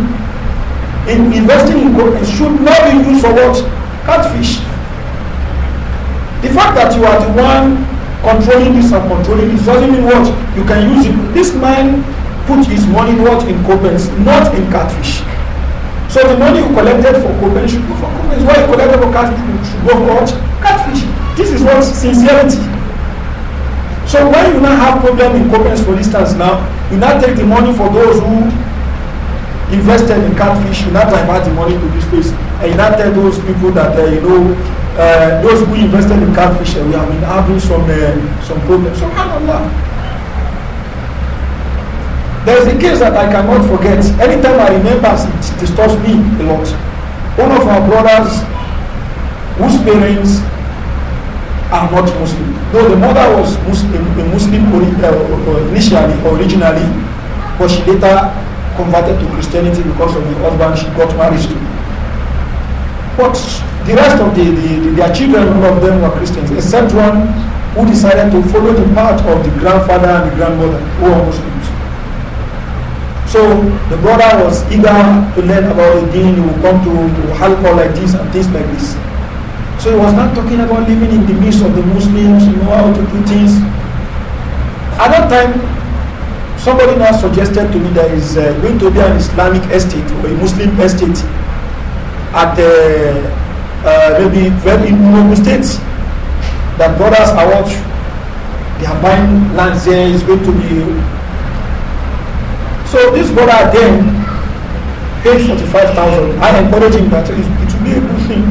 in investing in Cobens should not be used for what? Catfish. The fact that you are the one controlling this and controlling this doesn't mean what? You can use it. This man put his money what in Copens, not in catfish. So the money you collected for Copens should go for Copens. What you collected for catfish should go for what? Catfish. This is what sincerity. So when you now have problem in Copens, for instance, now you now take the money for those who invested in catfish, you now divert the money to this place, and you now tell those people that uh, you know uh, those who invested in catfish, uh, we have been having some uh, some problems. So, how There is a case that I cannot forget. Anytime I remember, it disturbs me a lot. One of our brothers, whose parents are not Muslim. Though the mother was Muslim, Muslim uh, uh, initially, originally, but she later converted to Christianity because of the husband she got married to. But the rest of the, the, their children, all of them were Christians, except one who decided to follow the path of the grandfather and the grandmother who were Muslim. So the brother was eager to learn about the deen. He would come to, to halqa like this and things like this. So he was not talking about living in the midst of the Muslims, you know how to do things. At that time, somebody now suggested to me there is uh, going to be an Islamic estate or a Muslim estate at the uh, uh, maybe very Nobu State that brothers are what they are buying lands there is going to be So this brother then paid forty-five thousand. I encourage him that it will be a good thing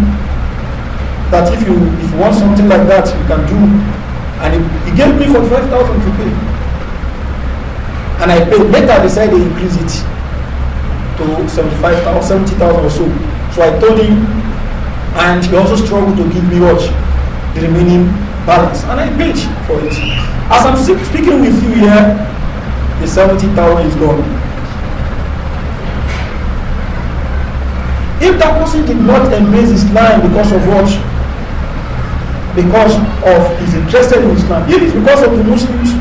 that if you if you want something like that, you can do. And he, he gave me five thousand to pay. And I paid. Later they said they increase it to seventy-five thousand, seventy thousand or so. So I told him, and he also struggled to give me what? The remaining balance. And I paid for it. As I'm speaking with you here, the 70,000 is gone. If that person did not embrace Islam because of what? Because of his interest in Islam. If it's because of the Muslims,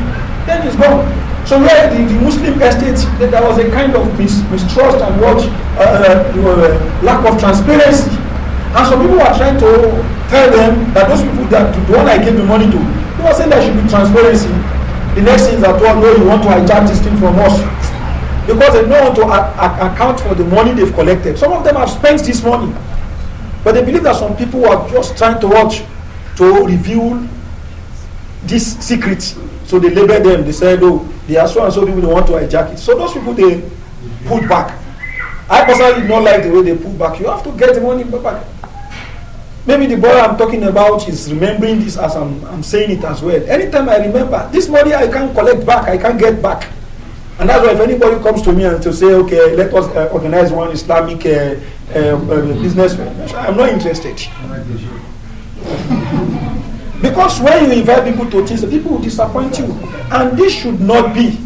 then it's gone. So where the, the Muslim estate, there was a kind of mis mistrust and what uh, uh, uh, lack of transparency. And some people were trying to tell them that those people that the one I gave the money to, they were saying there should be transparency. The next thing is that, well, no, you want to hijack this thing from us. Because they don't want to account for the money they've collected. Some of them have spent this money. But they believe that some people are just trying to watch, to reveal this secret. So they label them, they said, oh, they are so and so people, they want to hijack it. So those people, they pull back. I personally do not like the way they pull back. You have to get the money back. Maybe the boy I'm talking about is remembering this as I'm, I'm saying it as well. Anytime I remember, this money I can't collect back, I can't get back. And that's why if anybody comes to me and to say, okay, let us uh, organize one Islamic uh, um, uh, business, I'm not interested. because when you invite people to things, people will disappoint you. And this should not be.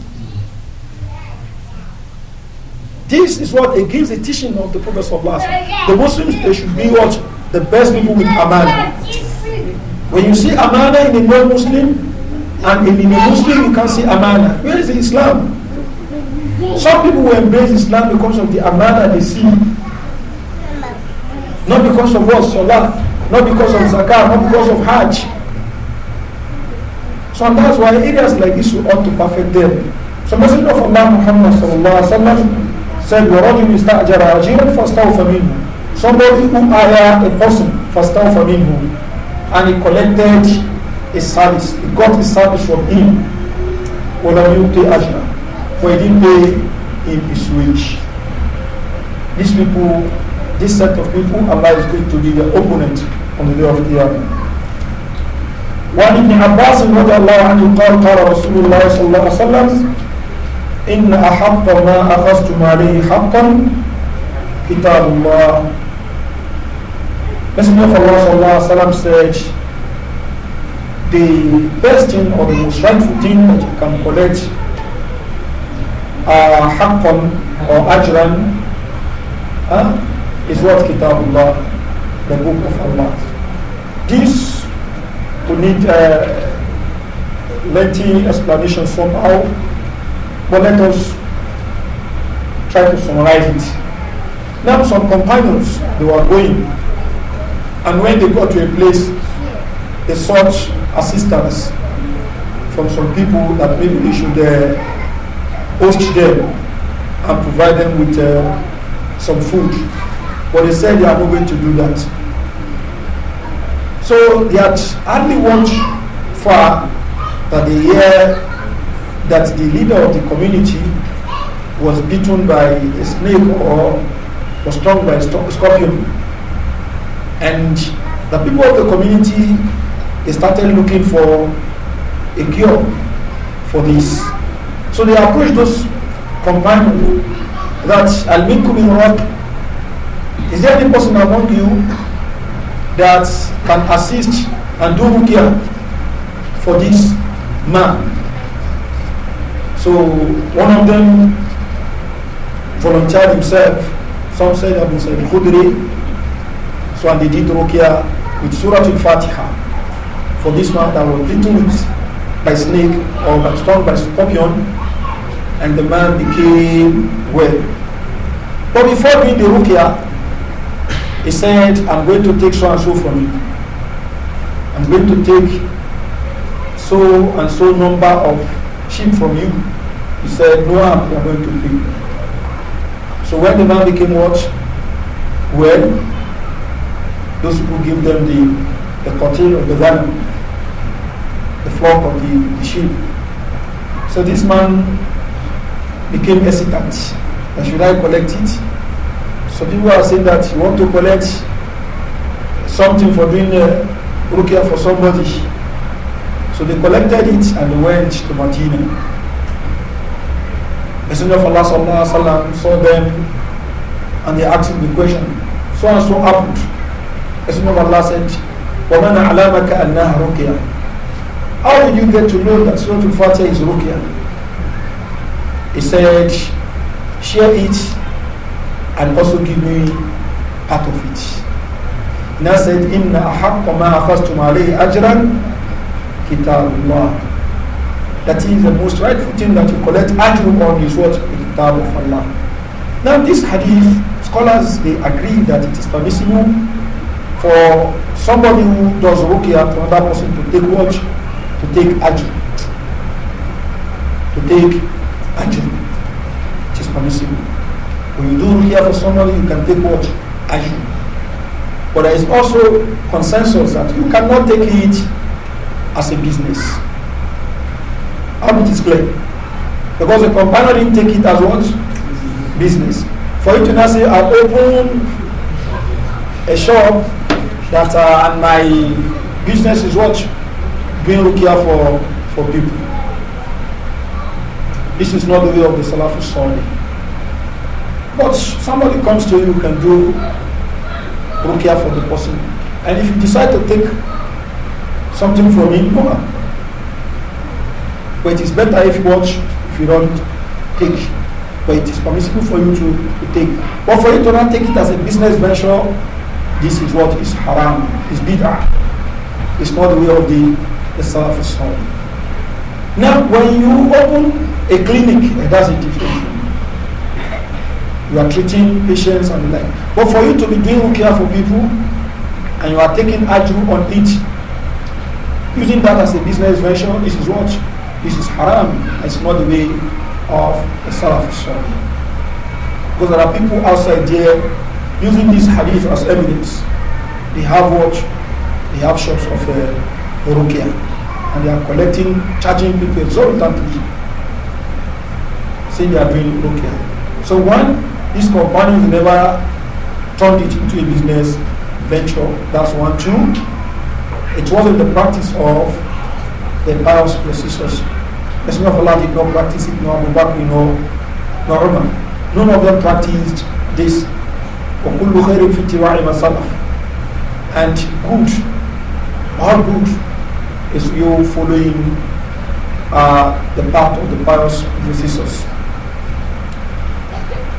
This is what against the teaching of the Prophet of Allah. The Muslims, they should be what? the best people with amana. When you see amana in a non-Muslim and in a Muslim, you can see amana. Where is Islam? Some people will embrace Islam because of the amana they see, not because of what salah, not because of zakah, not because of hajj. So that's why areas like this ought to perfect them. So Messenger of Allah Muhammad sallallahu alaihi wasallam said, "وَرَجُلُ اسْتَأْجَرَ أَجِيرًا فَاسْتَوْفَ مِنْهُ Somebody who hire a person for stand for him and he collected a service, he got a service from him. Well, I will For he didn't pay him his wage. These people, this set of people, Allah is going to be the opponent on the day of the. Qiyamah. وعن ابن عباس Allah الله عنه قال قال Rasulullah sallallahu صلى wasallam. عليه وسلم إن أحق ما أخذتم عليه حقا كتاب الله Messenger of Allah sallallahu said, the best thing or the most rightful thing that you can collect uh, haqqan or ajran uh, is what kitabullah, the book of Allah. This will need uh, lengthy explanation somehow, but let us try to summarize it. Now some companions, they were going and when they got to a place, they sought assistance from some people that maybe they should uh, host them and provide them with uh, some food. But they said they are not going to do that. So they had hardly went far that they hear that the leader of the community was beaten by a snake or was stung by a scorpion. And the people of the community they started looking for a cure for this. So they approached those companions that Al Minkum is there any person among you that can assist and do care for this man? So one of them volunteered himself. Some said Abu Sa'id Khudri, so and they did Rukia with Surah Al-Fatiha. For this one that was bitten by snake or by stung by scorpion and the man became well. But before doing the Rukia, he said, I'm going to take so and so from you. I'm going to take so and so number of sheep from you. He said, No, I'm going to pay. So when the man became what? Well, those who give them the, the qatil of the land, the flock of the, the sheep. So this man became hesitant. And should I collect it? So people are saying that you want to collect something for doing uh, rukia for somebody. So they collected it and went to Medina. Messenger of Allah saw them and they asked him the question, so and so happened. Messenger of Allah said, وَمَنْ أَعْلَمَكَ أَنَّهَا رُقْيَةٌ How did you get to know that Surah Al-Fatiha is Ruqyah? He said, share it and also give me part of it. Now said, إِنَّ أَحَقَّ مَا أَخَذْتُمْ عَلَيْهِ أَجْرًا Kitabullah. That is the most rightful thing that you collect ajru on is what? The Kitab of Allah. Now this hadith, scholars, they agree that it is permissible for somebody who does ruqya for another person to take watch, to take ajr, to take ajr, it is permissible. When you do ruqya for somebody, you can take watch, ajr. But there is also consensus that you cannot take it as a business. How it is clear? Because the companion didn't take it as what? Business. For you to now say, I open a shop that uh, and my business is what being rukia for for people. This is not the way of the Salafi Sunni. But somebody comes to you, who can do look rukia for the person. And if you decide to take something from him, no. But it is better if you watch, if you don't take. But it is permissible for you to, to take. But for you to not take it as a business venture, This is what is haram, is bid'ah. It's not the way of the, the Salaf Now, when you open a clinic, it does it differently. You are treating patients and the like. But for you to be doing care for people, and you are taking ajru on it, using that as a business venture, this is what? This is haram. It's not the way of the Salaf Because there are people outside there using this hadith as evidence, they have what? They have shops of uh, and they are collecting, charging people exorbitantly, saying they are doing Rukia. So one, these companions never turned it into a business venture. That's one. Two, it wasn't the practice of the pious processors. Messenger of Allah did not practice it, nor Abu Bakr, nor Umar. None of them practiced this. وَكُلُّ خَيْرٍ فِي اتِّبَاعِ مَسَلَفٍ And good, all good is you following uh, the path of the pious predecessors.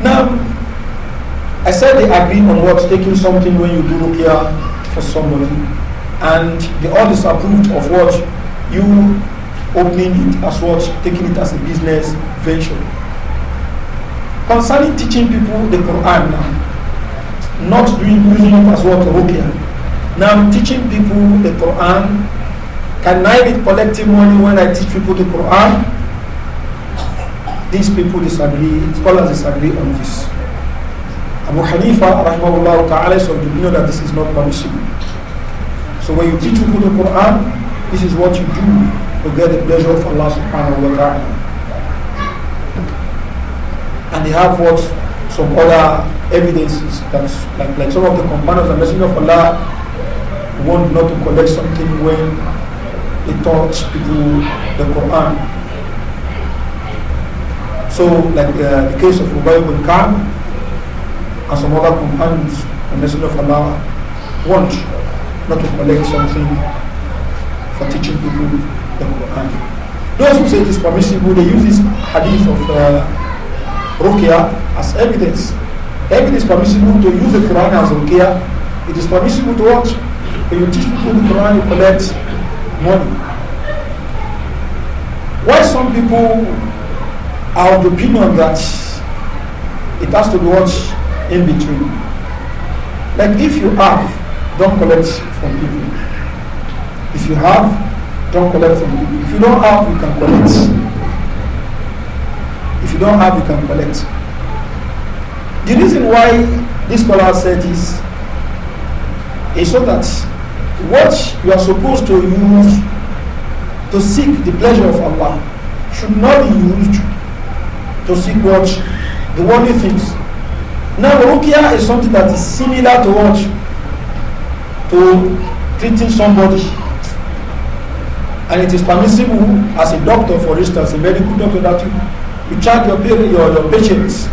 Now, I said they agree on what taking something when you do here for somebody, and they all disapproved of what you opening it as what taking it as a business venture. Concerning teaching people the Quran now, not doing using it as what ruqya. Now I'm teaching people the Quran. Can I be collecting money when I teach people the Quran? These people disagree, scholars disagree on this. Abu Hanifa rahimahullah ta'ala is of the opinion that this is not permissible. So when you teach people the Quran, this is what you do to get the pleasure of Allah subhanahu wa ta'ala. And they have what some other evidences that like, like some of the companions the messenger of Allah want not to collect something when they talks people the Quran. So like uh, the case of Ubay ibn Khan and some other companions the messenger of Allah want not to collect something for teaching people the Quran. Those who say it is permissible, they use this hadith of uh, ruqya as evidence. Evidence permissible to use the Quran as ruqya. It is permissible to watch. When you teach people the Quran, you collect money. Why some people are of the opinion that it has to be watched in between. Like if you have, don't collect from people. If you have, don't collect from people. If you don't have, you can collect. If you don't have, you can collect. The reason why this scholar said this is so that what you are supposed to use to seek the pleasure of Allah should not be used to seek what the worldly things. Now, ruqya is something that is similar to what to treating somebody, and it is permissible as a doctor, for instance, a medical doctor that you you charge your, your, your patients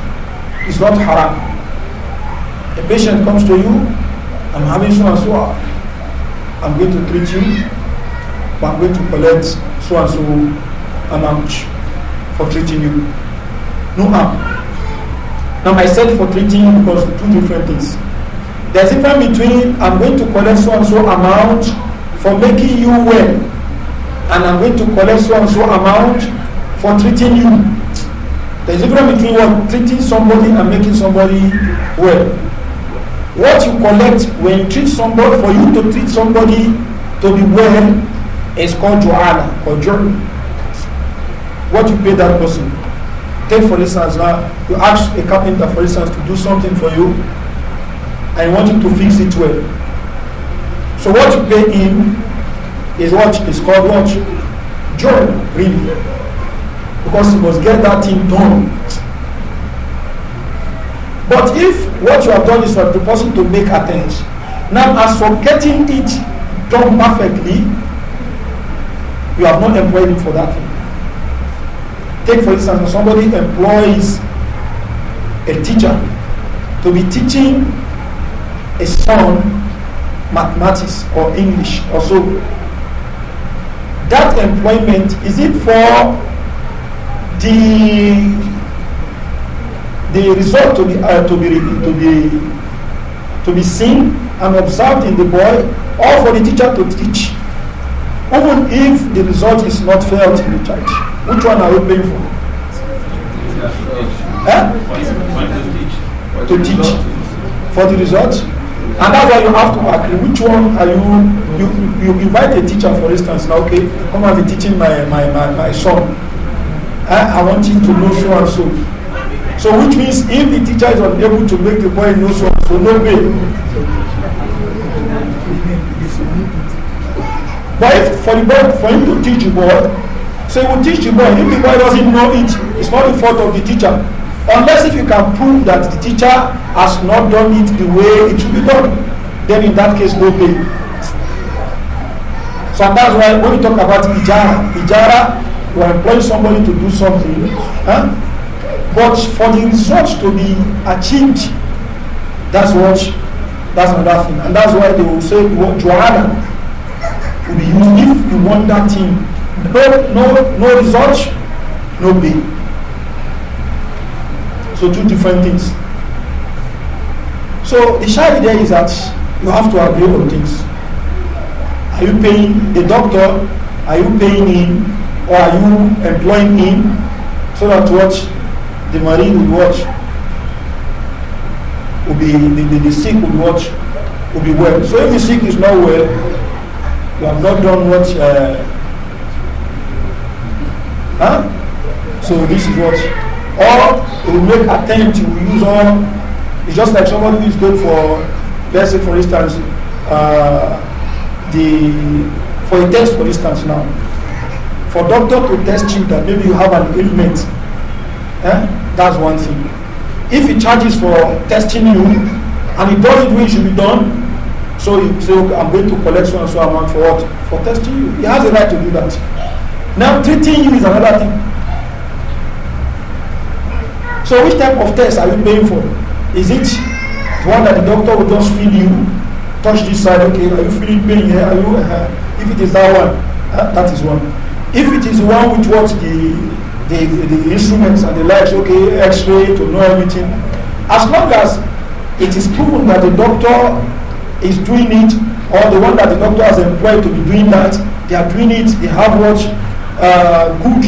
is not haram. A patient comes to you, I'm having so and so, I'm going to treat you, but I'm going to collect so and so amount for treating you. No harm. Now I said for treating you because two different things. There's a difference between I'm going to collect so and so amount for making you well, and I'm going to collect so and so amount for treating you. There's a difference between what treating somebody and making somebody well. What you collect when you treat somebody, for you to treat somebody to be well, is called Joanna or Journey. What you pay that person. Take for instance, now you ask a carpenter, for instance, to do something for you, and you want him to fix it well. So what you pay him is what is called what? Journey, really because you must get that thing done. But if what you have done is for the person to make change, now as for getting it done perfectly, you have not employed him for that thing. Take for instance, somebody employs a teacher to be teaching a son mathematics or English or so. That employment is it for the the result to be uh, to be to be to be seen and observed in the boy or for the teacher to teach even if the result is not felt in the child which one are we paying for yeah. eh? to teach for the result and that's why you have to agree which one are you you, you invite a teacher for instance now okay come and be teaching my my my, my son I want him to know so and so. So which means if the teacher is unable to make the boy know so and so, no way. But if for the boy, for him to teach the boy, so he will teach the boy. If the boy doesn't know it, it's not the fault of the teacher. Unless if you can prove that the teacher has not done it the way it should be done, then in that case, no pay. So that's why when we talk about ijara, ijara You are employing somebody to do something. Huh? But for the result to be achieved, that's what that's another thing. And that's why they will say Joanna will be used if you want that thing. No no no result, no pay. So two different things. So the shy idea is that you have to agree on things. Are you paying the doctor? Are you paying him? or are you employing him so that what the marine would watch would be the, the, the sick would watch would be well. So if the sick is not well, you have not done what uh, huh? so this is what or it will make attempt to use all it's just like somebody who is going for let's say for instance uh, the for a test for instance now For doctor to test you that maybe you have an ailment, eh? that's one thing. If he charges for testing you and he does it when it should be done, so you say, okay, I'm going to collect so and so amount for what? For testing you. He has a right to do that. Now treating you is another thing. So which type of test are you paying for? Is it the one that the doctor will just feed you touch this side, okay, are you feeling pain here? Are you, uh, if it is that one, uh, that is one. If it is one with what the, the, the instruments and the lights, okay, x-ray to know everything, as long as it is proven that the doctor is doing it or the one that the doctor has employed to be doing that, they are doing it, they have what uh, good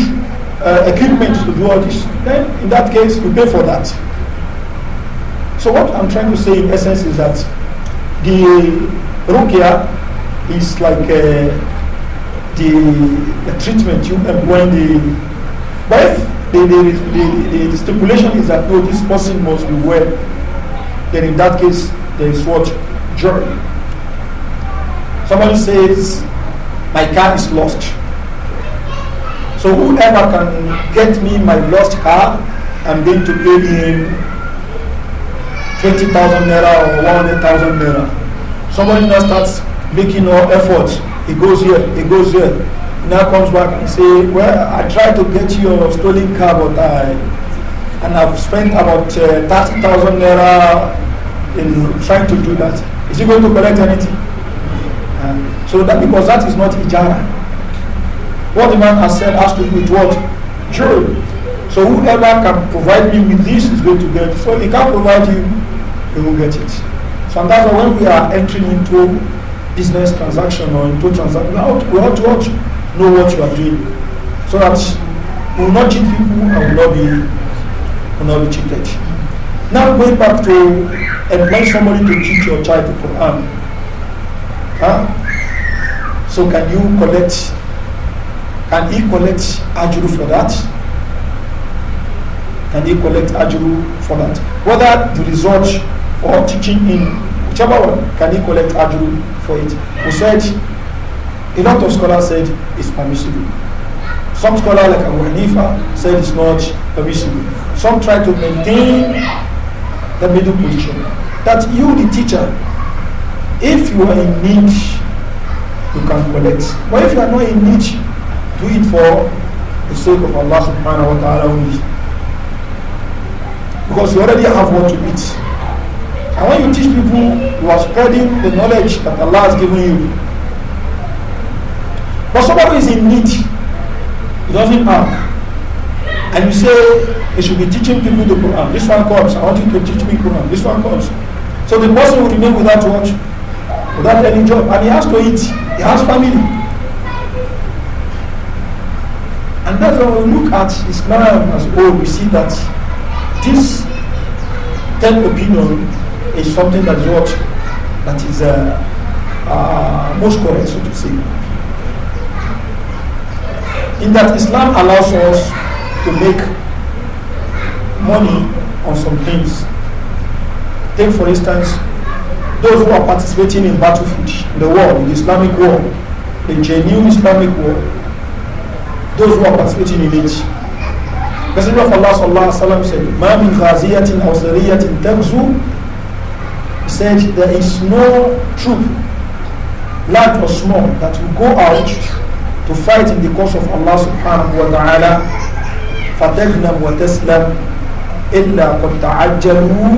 uh, equipment to do all this, then in that case, you pay for that. So what I'm trying to say in essence is that the rukia is like a, the, the treatment you um, employ the but the, the, the, stipulation is that oh this person must be well then in that case there is what jury somebody says my car is lost so whoever can get me my lost car i'm going to pay him 20,000 naira or 100,000 naira somebody now starts making all efforts he goes here, he goes here. He now comes back and say, well, I tried to get your stolen car, but I, and I've spent about uh, 30,000 naira in trying to do that. Is he going to collect anything? Uh, so that, because that is not ijara. What the man has said has to do with what? Jury. So whoever can provide me with this is going to get it. So if he can't provide you, he will get it. Sometimes when we are entering into business transaction or into transaction. Now we ought to watch, know what you are doing, so that we will not cheat people and will not be will not be cheated. Now going back to employ somebody to teach your child the Quran. Huh? So can you collect? Can he collect Ajuru for that? Can he collect Ajuru for that? Whether the result or teaching in Whichever one, can he collect ajru for it? We said, a lot of scholars said it's permissible. Some scholars like Abu Hanifa said it's not permissible. Some try to maintain the middle position. That you, the teacher, if you are in need, you can collect. But if you are not in need, do it for the sake of Allah subhanahu wa ta'ala only. Because you already have what to eat. And when you teach people, you are spreading the knowledge that Allah has given you. But somebody is in need, he doesn't have. And you say, they should be teaching people the Quran. This one comes, I want you to teach me Quran. This one comes. So the person will remain without what? Without any job. And he has to eat, he has family. And therefore, when we look at Islam as a whole, we see that this third opinion is something that is what that is uh, uh, most correct, so to say. In that Islam allows us to make money on some things. Take for instance, those who are participating in battlefield, in the war, in the Islamic war, the genuine Islamic war, those who are participating in it. Messenger of Allah sallallahu alaihi wasallam said, said there is no troop, large or small, that will go out to fight in the cause of Allah subhanahu wa ta'ala فَتَغْنَمْ وَتَسْلَمْ إِلَّا قَدْ تَعَجَّلُوا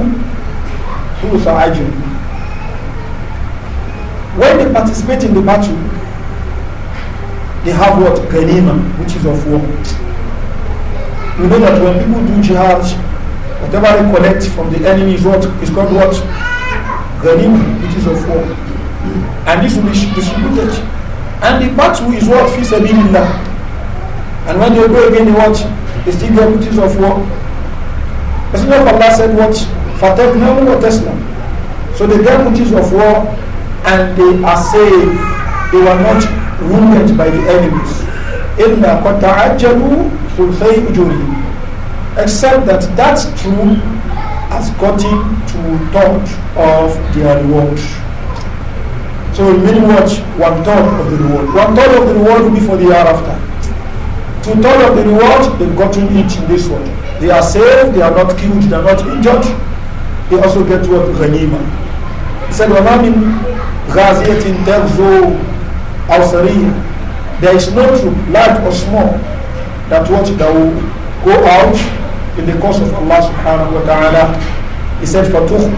ثُلُثَ عَجْلٍ When they participate in the battle, they have what? Ghanima, which is of war. We know that when people do jihad, whatever they collect from the enemy is what is called what? ghanim, it is of war. And this will be distributed. And the battle is what? in that. And when they go again, they watch. They still get booties of war. Messenger of Allah said what? no more Tesla. So they get booties of war and they are saved. They were not wounded by the enemies. Except that that's true has gotten to third of their reward. So remaining watch one third of the reward. One third of the reward will be for the year after. Two third of the reward they've gotten each in this world. They are saved, they are not killed, they are not injured. They also get what ghanima. He said, "Wanamin ghaziyatin terzo awsariya." There is no troop, large or small, that what they will go out in the cause of Allah subhanahu wa ta'ala. He said, Fatuh,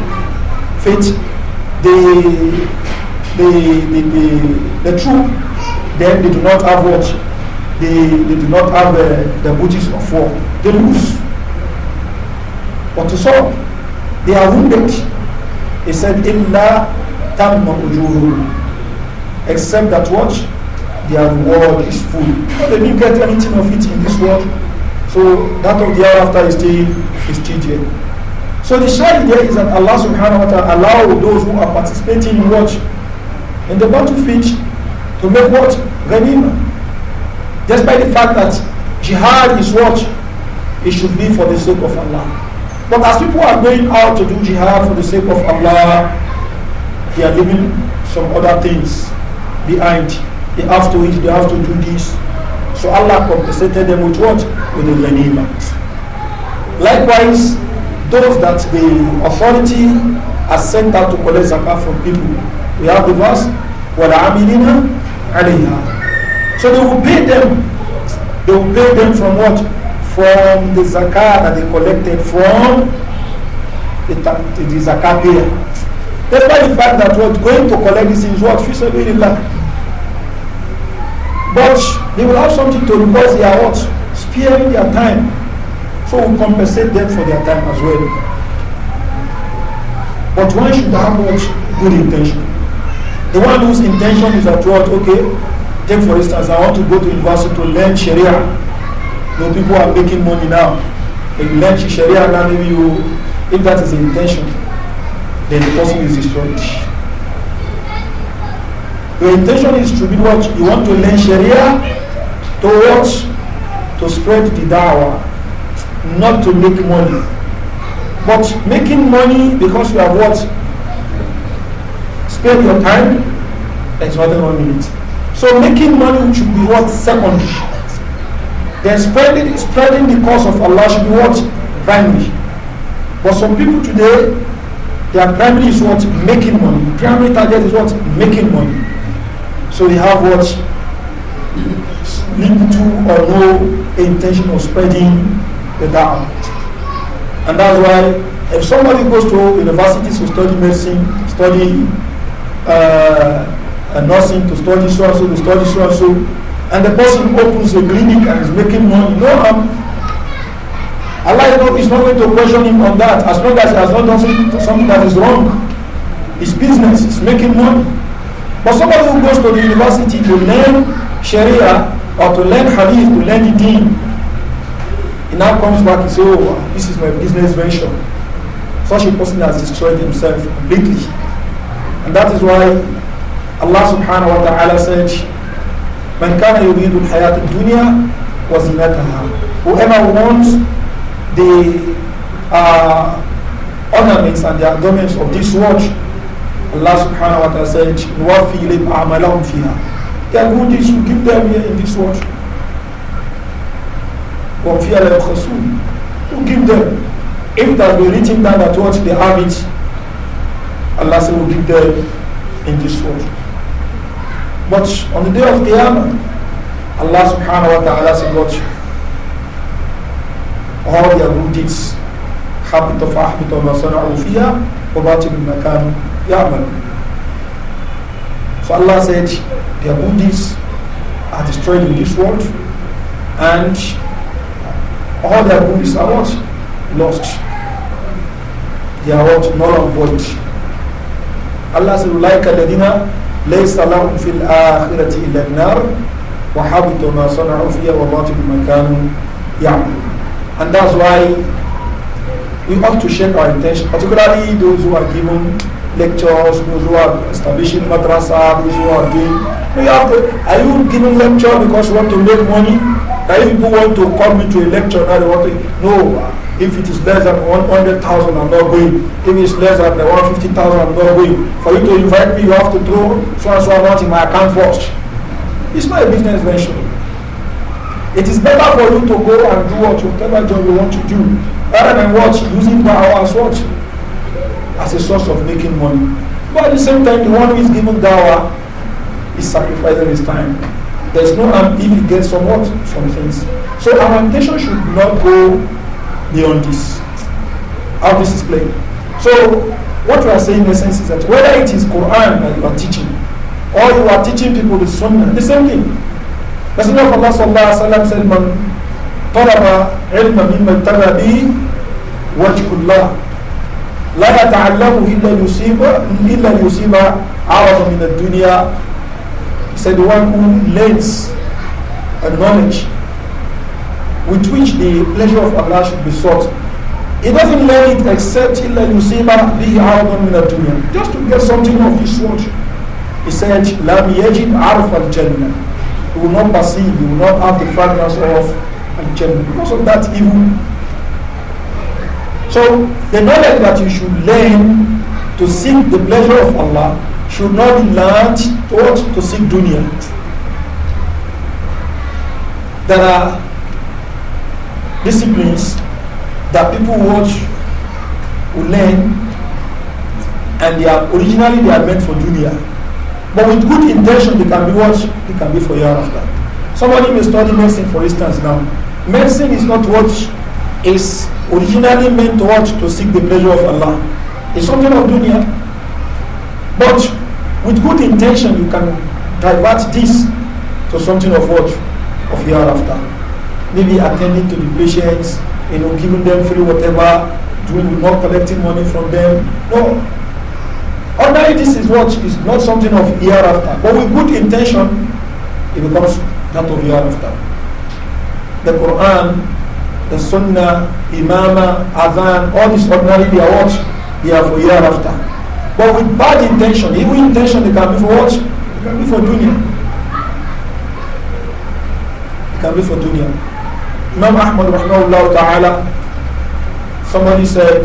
faith, the, the, the, the, the true, then they do not have what? They, they do not have uh, the booties of war. They lose. But to some, they are wounded. He said, inna tamma ujuhum. Except that what? Their reward is full. They didn't get anything of it in this world. So that of the hereafter is still, is still there. So the shahid there is that Allah subhanahu wa ta'ala allow those who are participating in what? In the battlefield to make what? Ghanima. Despite the fact that jihad is what? It should be for the sake of Allah. But as people are going out to do jihad for the sake of Allah, they are leaving some other things behind. They have to eat, they have to do this, So Allah compensated them with what? With the ghanima. Likewise, those that the authority has sent out to collect zakat from people, we have the verse, وَالْعَامِلِينَ عَلَيْهَا So they will pay them. They will pay them from what? From the zakat that they collected from the, the zakat payer. Despite the fact that what going to collect this is what? Fisabilillah But they will have something to because their are what? Sparing their time. So we compensate them for their time as well. But one should have what? Good intention. The one whose intention is that what? Okay, take for instance, I want to go to university to learn Sharia. No people are making money now. If you learn Sharia now, maybe you, if that is the intention, then the person is destroyed. Your intention is to be what? You want to learn Sharia to what? To spread the dawah, not to make money. But making money because you have what? Spend your time, there's nothing wrong one minute. So making money should be what? second. Then spreading, spreading the cause of Allah should be what? Primary. But some people today, their primary is what? Making money. Primary target is what? Making money. So they have what? Little or no intention of spreading the doubt, And that's why if somebody goes to universities to study medicine, study uh, uh, nursing, to study so and so, to study so and so, and the person opens a clinic and is making money, no harm. Allah is not going to question him on that as long as he has not done something that is wrong. It's business, it's making money. But somebody who goes to the university to learn Sharia or to learn Hadith, to learn the deen, he now comes back and says, oh, this is my business venture. Such a person has destroyed himself completely. And that is why Allah subhanahu wa ta'ala said, "من كان يريد الحياة الدنيا dunya Whoever wants the uh, ornaments and the adornments of this world Allah subhanahu wa ta'ala said, Nuwafi ilim a'malahum fiha. Their good deeds will give them here in this world. وَفِيَا لَا يُخَصُونَ Who give them? If it has been written down that what they have it, Allah said will give them in this world. But on the day of Qiyamah, Allah subhanahu wa ta'ala said what? All their good deeds, حَبِّتَ فَأَحْبِتَ وَمَا صَنَعُوا فِيهَا وَبَاطِلُ مَكَانُ Yaman. So Allah said, their bodies are destroyed in this world and all their bodies are what? Lost. They are what? Null and void. Allah said, أولئك الذين ليس لهم في الآخرة إلا النار وحبط ما صنعوا فيها وباطل ما كانوا يعملون. And that's why we ought to shape our intention, particularly those who are given lectures, those who are establishing madrasa, those who are doing. You have to, are you giving lecture because you want to make money? Are you people want to come into a lecture now they want to, no, if it is less than one hundred thousand, I'm not going. If it is less than one fifty thousand, I'm not going. For you to invite me, you have to throw so and so amount in my account first. It's not a business venture. It is better for you to go and do what whatever job you want to do, rather than what using per hour as what as a source of making money. But at the same time, the one who is given dawah is sacrificing his time. There's no harm if he gets somewhat from things. So our intention should not go beyond this. How this is played. So what we are saying in essence is that whether it is Quran that you are teaching or you are teaching people the Sunnah, the same thing. Messenger of Allah sallallahu alaihi wasallam said, "Man طلب علما ممن تبع به وجه الله لا يتعلمه إلا يصيب إلا يصيب عرض من الدنيا He said the one who learns a knowledge with which the pleasure of Allah should be sought. He doesn't learn it except إلا يصيب به عرض من الدنيا just to get something of this world. He said لم يجد عرف الجنة He will not perceive, he will not have the fragrance of الجنة because of that evil So the knowledge that you should learn to seek the pleasure of Allah should not be to, taught to seek dunya. There are disciplines that people watch who learn and they are originally they are meant for dunya. But with good intention they can be watched. They can be for year after. Somebody may study medicine for instance now. Medicine is not what is originally meant to to seek the pleasure of Allah. It's something of dunya. But with good intention, you can divert this to something of what? Of hereafter. Maybe attending to the patients, you know, giving them free whatever, doing not collecting money from them. No. Ordinary this is what is not something of hereafter. But with good intention, it becomes that of hereafter. The Quran the sunnah, imama, adhan, all these ordinary they are what? They are for year after. But with bad intention, evil intention, they can be for what? They can be for dunya. They can be for dunya. Imam Ahmad rahmahullah ta'ala, somebody said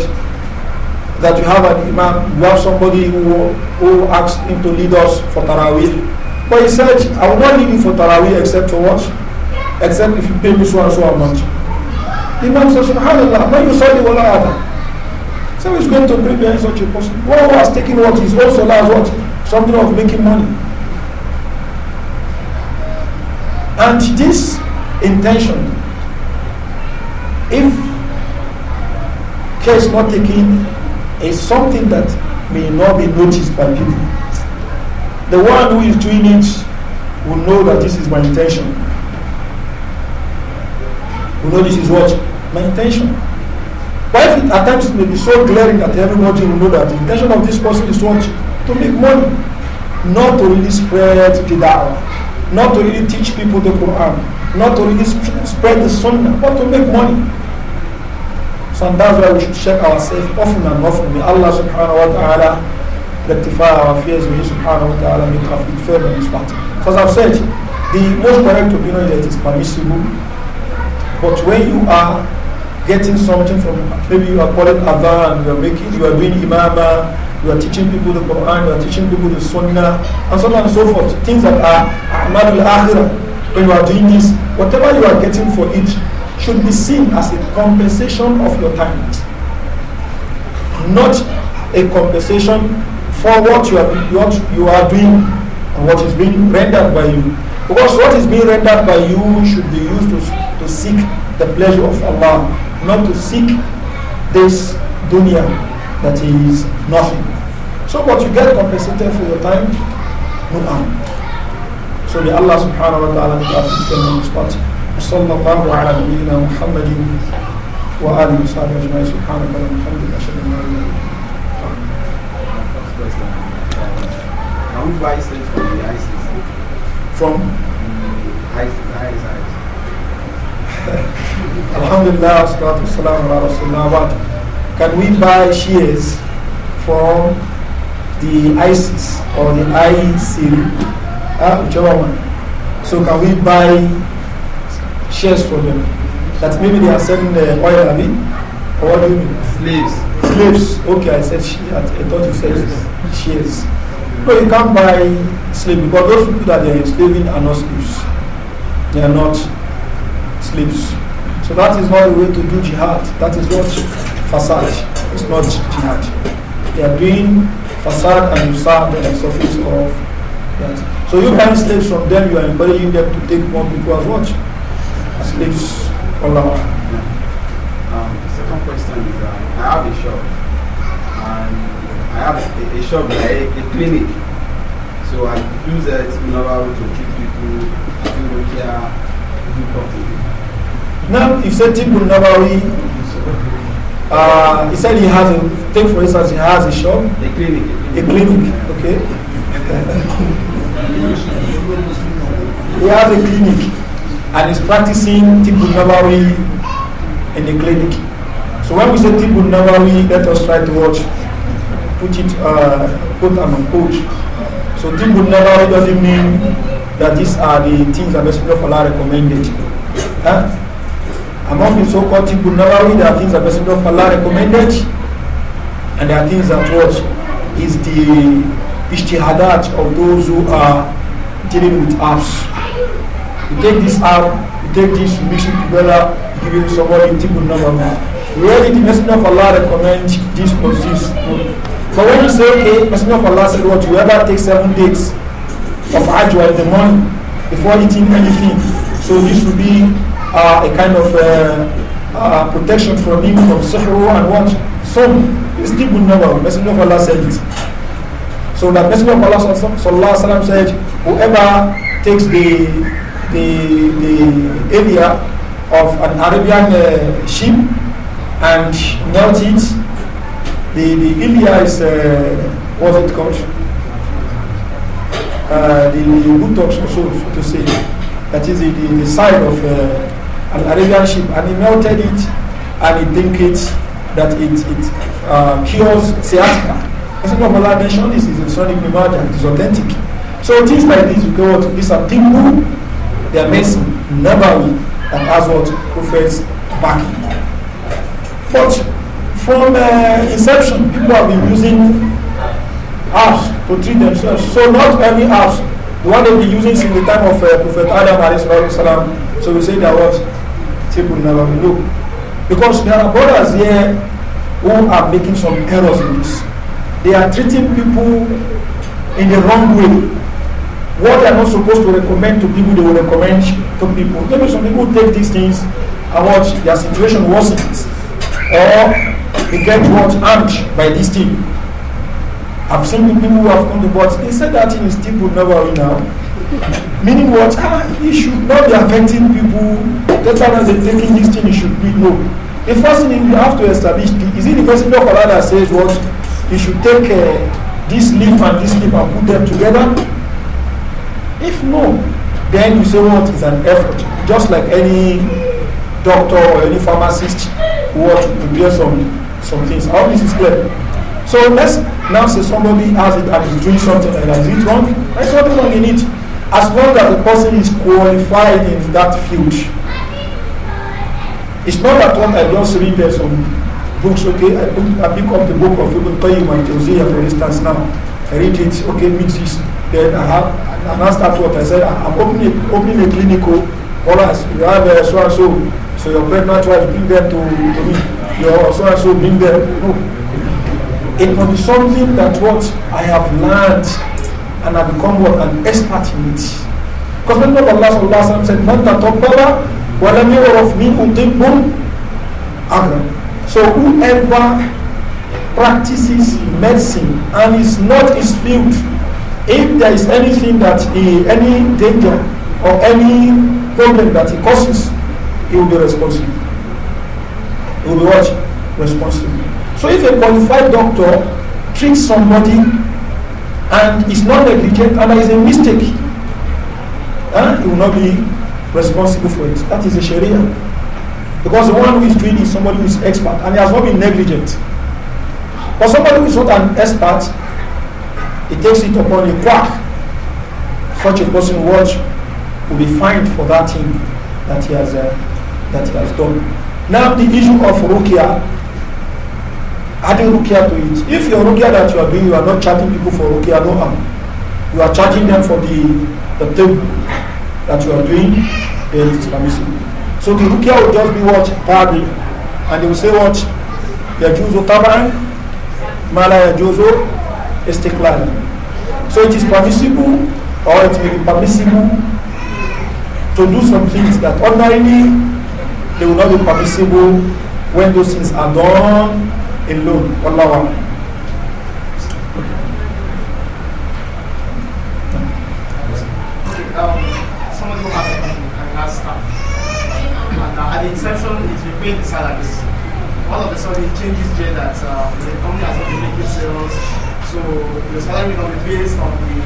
that you have an imam, you have somebody who, who asked him to lead us for Taraweeh. But he said, I will not lead you for Taraweeh except for what? Except if you pay me so and so amount. The Imam says, Subhanallah, may you saw the wala other. So he's going to bring behind such a person. One who is taking what is also last what? Something of making money. And this intention, if case not taken, is something that may not be noticed by people. The one who is doing it will know that this is my intention. Will know this is what my intention. Why if it, at times it may be so glaring that everybody will know that the intention of this person is what? To make money. Not to really spread the da'wah. Not to really teach people the Quran. Not to really sp spread the sunnah. But to make money. So and that's why we should check ourselves often and often. May Allah subhanahu wa ta'ala rectify our fears. May He subhanahu wa ta'ala make our feet firm on this Because I've said, the most correct opinion is that it's permissible. But when you are getting something from maybe you are calling and you are making, you are doing imama, you are teaching people the Quran, you are teaching people the Sunnah, and so on and so forth. Things that are amal al-akhirah. When you are doing this, whatever you are getting for it should be seen as a compensation of your time, not a compensation for what you are what you are doing and what is being rendered by you. Because what is being rendered by you should be used to, to seek the pleasure of Allah not to seek this dunya that is nothing. So what you get compensated for your time, no harm. So may Allah subhanahu wa ta'ala make us from this party. وصلى الله على نبينا محمد وآله وصحبه أجمعين سبحانك اللهم وبحمدك أشهد أن لا إله إلا أنت From? ISIS, ISIS. Alhamdulillah, salatu salam, Rasulullah. Can we buy shares from the ISIS or the ICIL? Uh, ah, whichever one. So can we buy shares from them? That maybe they are selling the uh, oil, I mean? Or what do you mean? Slaves. Slaves. Okay, I said she, I thought you said shares. No, you can't buy slaves because those people that they are enslaving are not slaves. They are not slaves. So that is not the way to do jihad. That is not facade It's not jihad. They are doing facade and usad and surface of that. So you buying slaves from them, you are encouraging them to take more people as what? As slaves. Allah. Yeah. Um, second question is um, I have a shop. And I have a, a shop like a clinic. So I use it in order to treat people, do care, do properly. Now, if said Tibbul Nabawi, uh, he said he has, a, take for instance, he has a shop. A clinic. A clinic, okay. he has a clinic and is practicing Tibbul Nabawi in the clinic. So when we say Tibbul Nabawi, let us try to watch, put it, uh, on and coach. So Tibbul Nabawi doesn't mean that these are the things that Mr. of Allah recommended. Huh? among the so-called people Nawawi, there are things that Messenger of Allah recommended, and there are things that what is the ishtihadat of those who are dealing with apps. You take this app, you take this, you mix it together, you give it to somebody, Tibbun Nawawi. Really, the Messenger of Allah recommends this or this. So when you say, okay, Messenger of Allah said what, you whoever take seven days of Ajwa in the morning before eating anything, so this will be uh, a kind of uh, uh, protection from him from sihru and what? Some. It's still good number. Messenger of Allah said it. So the Messenger of Allah sallam, said, whoever takes the, the, the area of an Arabian uh, sheep and melt it, the, the ilia is, uh, what's it called? Uh, the, the buttocks also, so to say. That is the, the, the side of uh, an Arabian sheep, and he melted it, and he think it that it it uh, cures sciatica. Messenger of Allah mentioned this is a Sonic Majah, it is authentic. So things like this, you go these are people, they are medicine, Never and as what prophets back. But from uh, inception, people have been using herbs to treat themselves. So not every herbs. The one they've been using since the time of uh, Prophet Adam, salam, so we say that was table never will know. Because there are brothers here who are making some errors in this. They are treating people in the wrong way. What they are not supposed to recommend to people, they will recommend to people. Maybe some people take these things and watch their situation worsens. Or they get what harmed by this thing. I've seen people who have come to board, they said that thing is people never win now Meaning what? Ah, it should not be affecting people. That's why as they're taking this thing, it should be no. The first thing you have to establish is it the person doctor that says what? You should take uh, this leaf and this leaf and put them together? If no, then you say what is an effort. Just like any doctor or any pharmacist who want to prepare some, some things. All this is clear. So let's now say somebody has it and is doing something and is it wrong. There's nothing wrong in it as long as the person is qualified in that field. It's not that one I just read some books, okay, I, put, I pick up the book of Ibn Qayyim and Josiah, for instance now, I read it, okay, mix this, then I have, and I that, what I said, I'm opening, opening a clinical, oh, all us, you have uh, so and so, so your pregnant wife, bring them to, to me, your so and so, bring them, no. It must be something that what I have learned and I become what? An expert in it. Because when Allah Sallallahu said, Man tatabbara wa lam yu'raf minhu tibbun agra. So whoever practices medicine and is not his field, if there is anything that he, any danger or any problem that he causes, he will be responsible. He will be what? Responsible. So if a qualified doctor treats somebody and it's not negligent and it's a mistake, huh? he will not be responsible for it. That is a Sharia. Because the one who is doing is somebody who is expert and he has not been negligent. But somebody who is not an expert, he takes it upon a quack. Such a person watch will be fined for that thing that he has uh, that he has done. Now the issue of rukia adding rukia to it. If your rukia that you are doing, you are not charging people for rukia, no harm. You are charging them for the, the thing that you are doing, then it is permissible. So the rukia will just be what? Parable. And they will say what? Yajuzu taban, mala yajuzu istiklal. So it is permissible, or it will be permissible to do some things that ordinarily they will not be permissible when those things are done alone wallahu a'lam someone who has a and uh, And at the inception, it will pay the salaries. All of a sudden, it changes there that uh, the company has not been making sales, so the salary will be based on the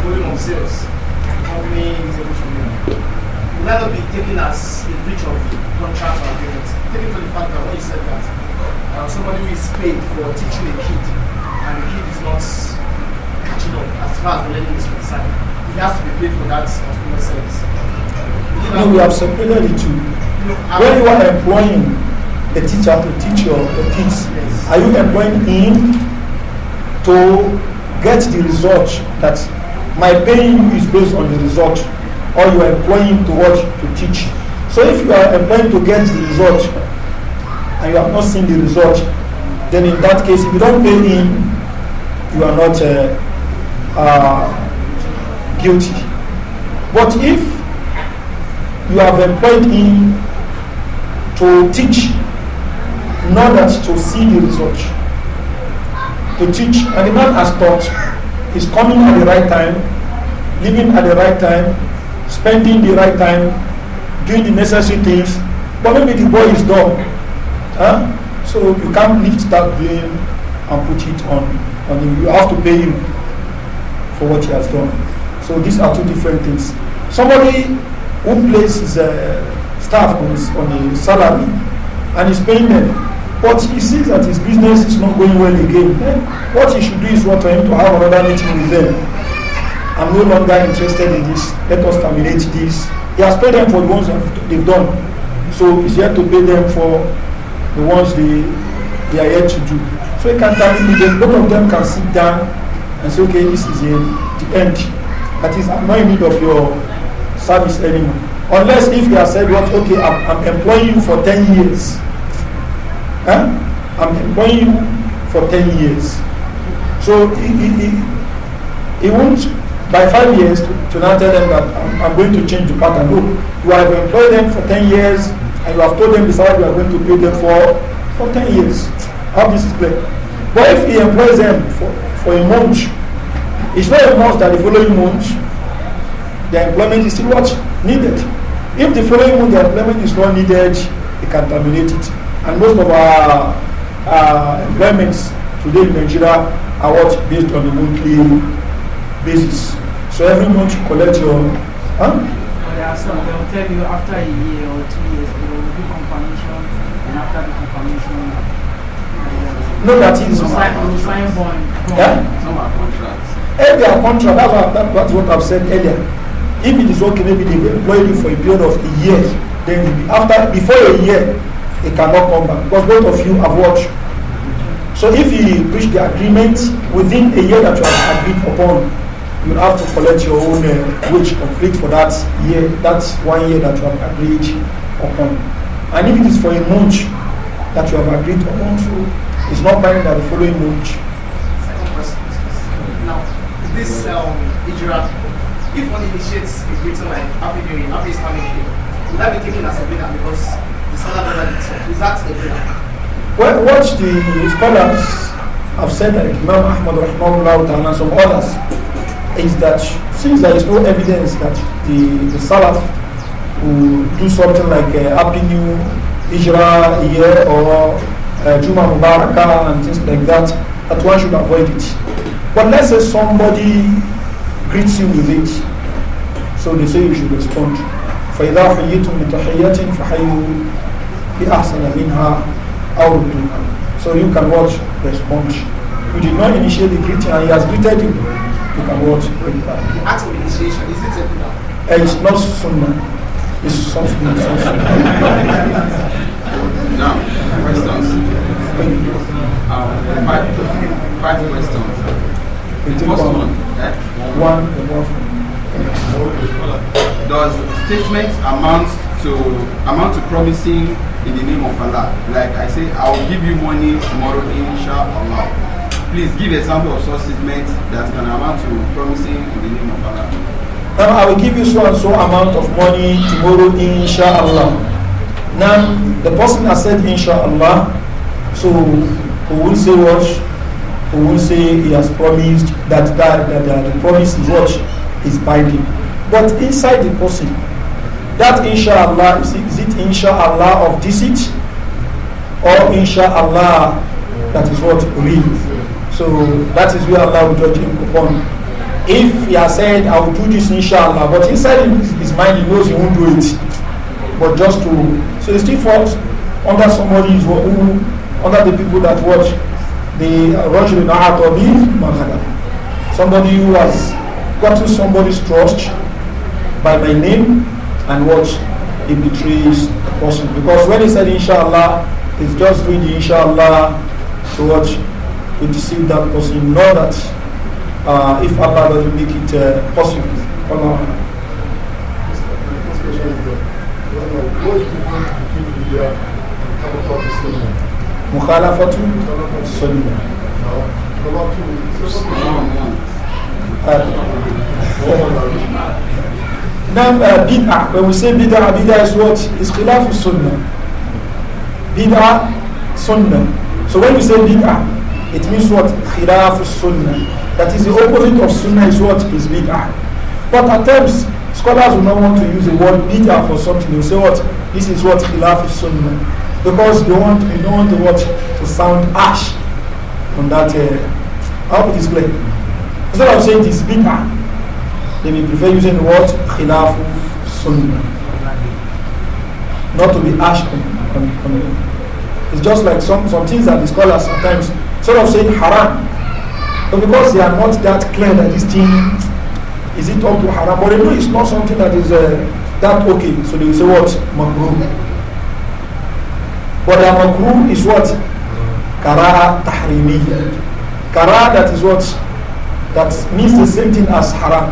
volume of sales the company is able to make. Will that not be taken as a breach of contract or agreement? Taking to the fact that when you said that, Uh, somebody who is paid for teaching a kid and the kid is not catching up as far as the learning is concerned, he has to be paid for that particular service. No, we have separated the You, No, when you are employing a teacher to teach your, your kids, yes. are you employing him to get the result that my paying you is based on the result or you are employing to what to teach? So if you are employing to get the result, and you have not seen the result, then in that case, if you don't pay him, you are not uh, uh, guilty. But if you have employed him to teach, not that to see the result, to teach, and the man has taught, is coming at the right time, living at the right time, spending the right time, doing the necessary things, but maybe the boy is dull. Huh? So you can't lift that blame and put it on, on him. You have to pay him for what he has done. So these are two different things. Somebody who places uh, staff on, his, on a salary and is paying them but he sees that his business is not going well again. Eh? What he should do is want him to have another meeting with them. I'm no longer interested in this. Let us terminate this. He has paid them for the ones that they've done. So he's yet to pay them for the ones they, they are yet to do. So you can terminate them. Both of them can sit down and say, okay, this is the, the end. That is, I'm not in need of your service anymore. Unless if you have said, what, okay, I'm, I'm employing you for ten years. Huh? I'm employing you for ten years. So he, he, he, he won't, by five years, to, to now tell them that I'm, I'm going to change the pattern. No, you have employed them for ten years, and you have told them the salary you are going to pay them for for ten years. How this is clear. But if he employs them for, for a month, it's not a month that the following month the employment is still what needed. If the following month the employment is not needed, he can terminate it. And most of our uh, employments today in Nigeria are what based on a monthly basis. So every month you collect your huh? are some, they will tell you after a year or two years, they will do confirmation, and after the confirmation, uh, no, that is sign, sign bond, Yeah? Some are contracts. If they are contract, that's what, I've said earlier. If it is okay, maybe they've employed you for a period of a year, then after before a year, it cannot come back because both of you have watched. So if you breach the agreement within a year that you have agreed upon, you have to collect your own uh, wage complete for that year, that's one year that you have agreed upon. And if it is for a month that you have agreed upon, so it's not binding that the following month. Second question. Now, this um, Ijira, if one initiates a greeting like Happy New Year, Happy Islamic Year, would that be taken as a winner because the scholar does Is that a winner? Well, what the scholars have said, like Imam Ahmad, Rahmanullah, and some others, is that since there is no evidence that the, the Salaf will do something like a uh, Happy New Hijra year or uh, Juma Mubarakah and things like that, that one should avoid it. But let's say somebody greets you with it, so they say you should respond. فإذا حييتم بتحية فحيوا بأحسن منها أو ردوها. So you can watch, respond. You did not initiate the greeting and he has greeted you. you can watch, bring it back. The act of initiation, is it a sunnah? Eh, it's not sunnah. It's something else. now, questions. Um, five, five questions. The first one. Eh? One, the one. Does statement amount to amount to promising in the name of Allah? Like I say, I will give you money tomorrow, inshallah. Please give example of such statement that can amount to promising in the name of Allah. Now I will give you so and so amount of money tomorrow, inshallah. Now the person has said inshallah, so who will say what? Who will say he has promised that that, that, that the promise is what is binding. But inside the person, that inshallah is it, is it inshallah of deceit or inshallah that is what real. So that is where Allah will judge him upon. If he has said, I will do this inshallah, but inside his mind he knows he won't do it. But just to, so it still falls under somebody who, under the people that watch the Rajul Na'atabi Somebody who has gotten somebody's trust by my name and watch he betrays the person. Because when he said inshallah, he's just doing the inshallah to watch we deceive that person. You know that uh, if Allah doesn't make it uh, possible. Allah. مخالفة السنة Now uh, bid'ah, when we say bid'ah, bid'ah is what? It's sunnah. Bid'ah, sunnah. So when we say bid'ah, It means what? Khilaf sunnah. That is the opposite of sunnah is what? Is bid'ah. But at times, scholars will not want to use the word bid'ah for something. They'll say what? This is what khilaf sunnah. Because they want, they don't want the what? To sound ash on that. Uh, I hope it is clear. Instead of saying it is bid'ah, they may prefer using the word khilaf sunnah. Not to be ash. on, on, on it. It's just like some, some things that the scholars sometimes sort of saying haram. But because they are not that clear that this thing is it up to haram, but they know it's not something that is uh, that okay. So they will say what? Makruh. But the makruh is what? Karaha tahrimi. Karaha that is what? That means the same thing as haram.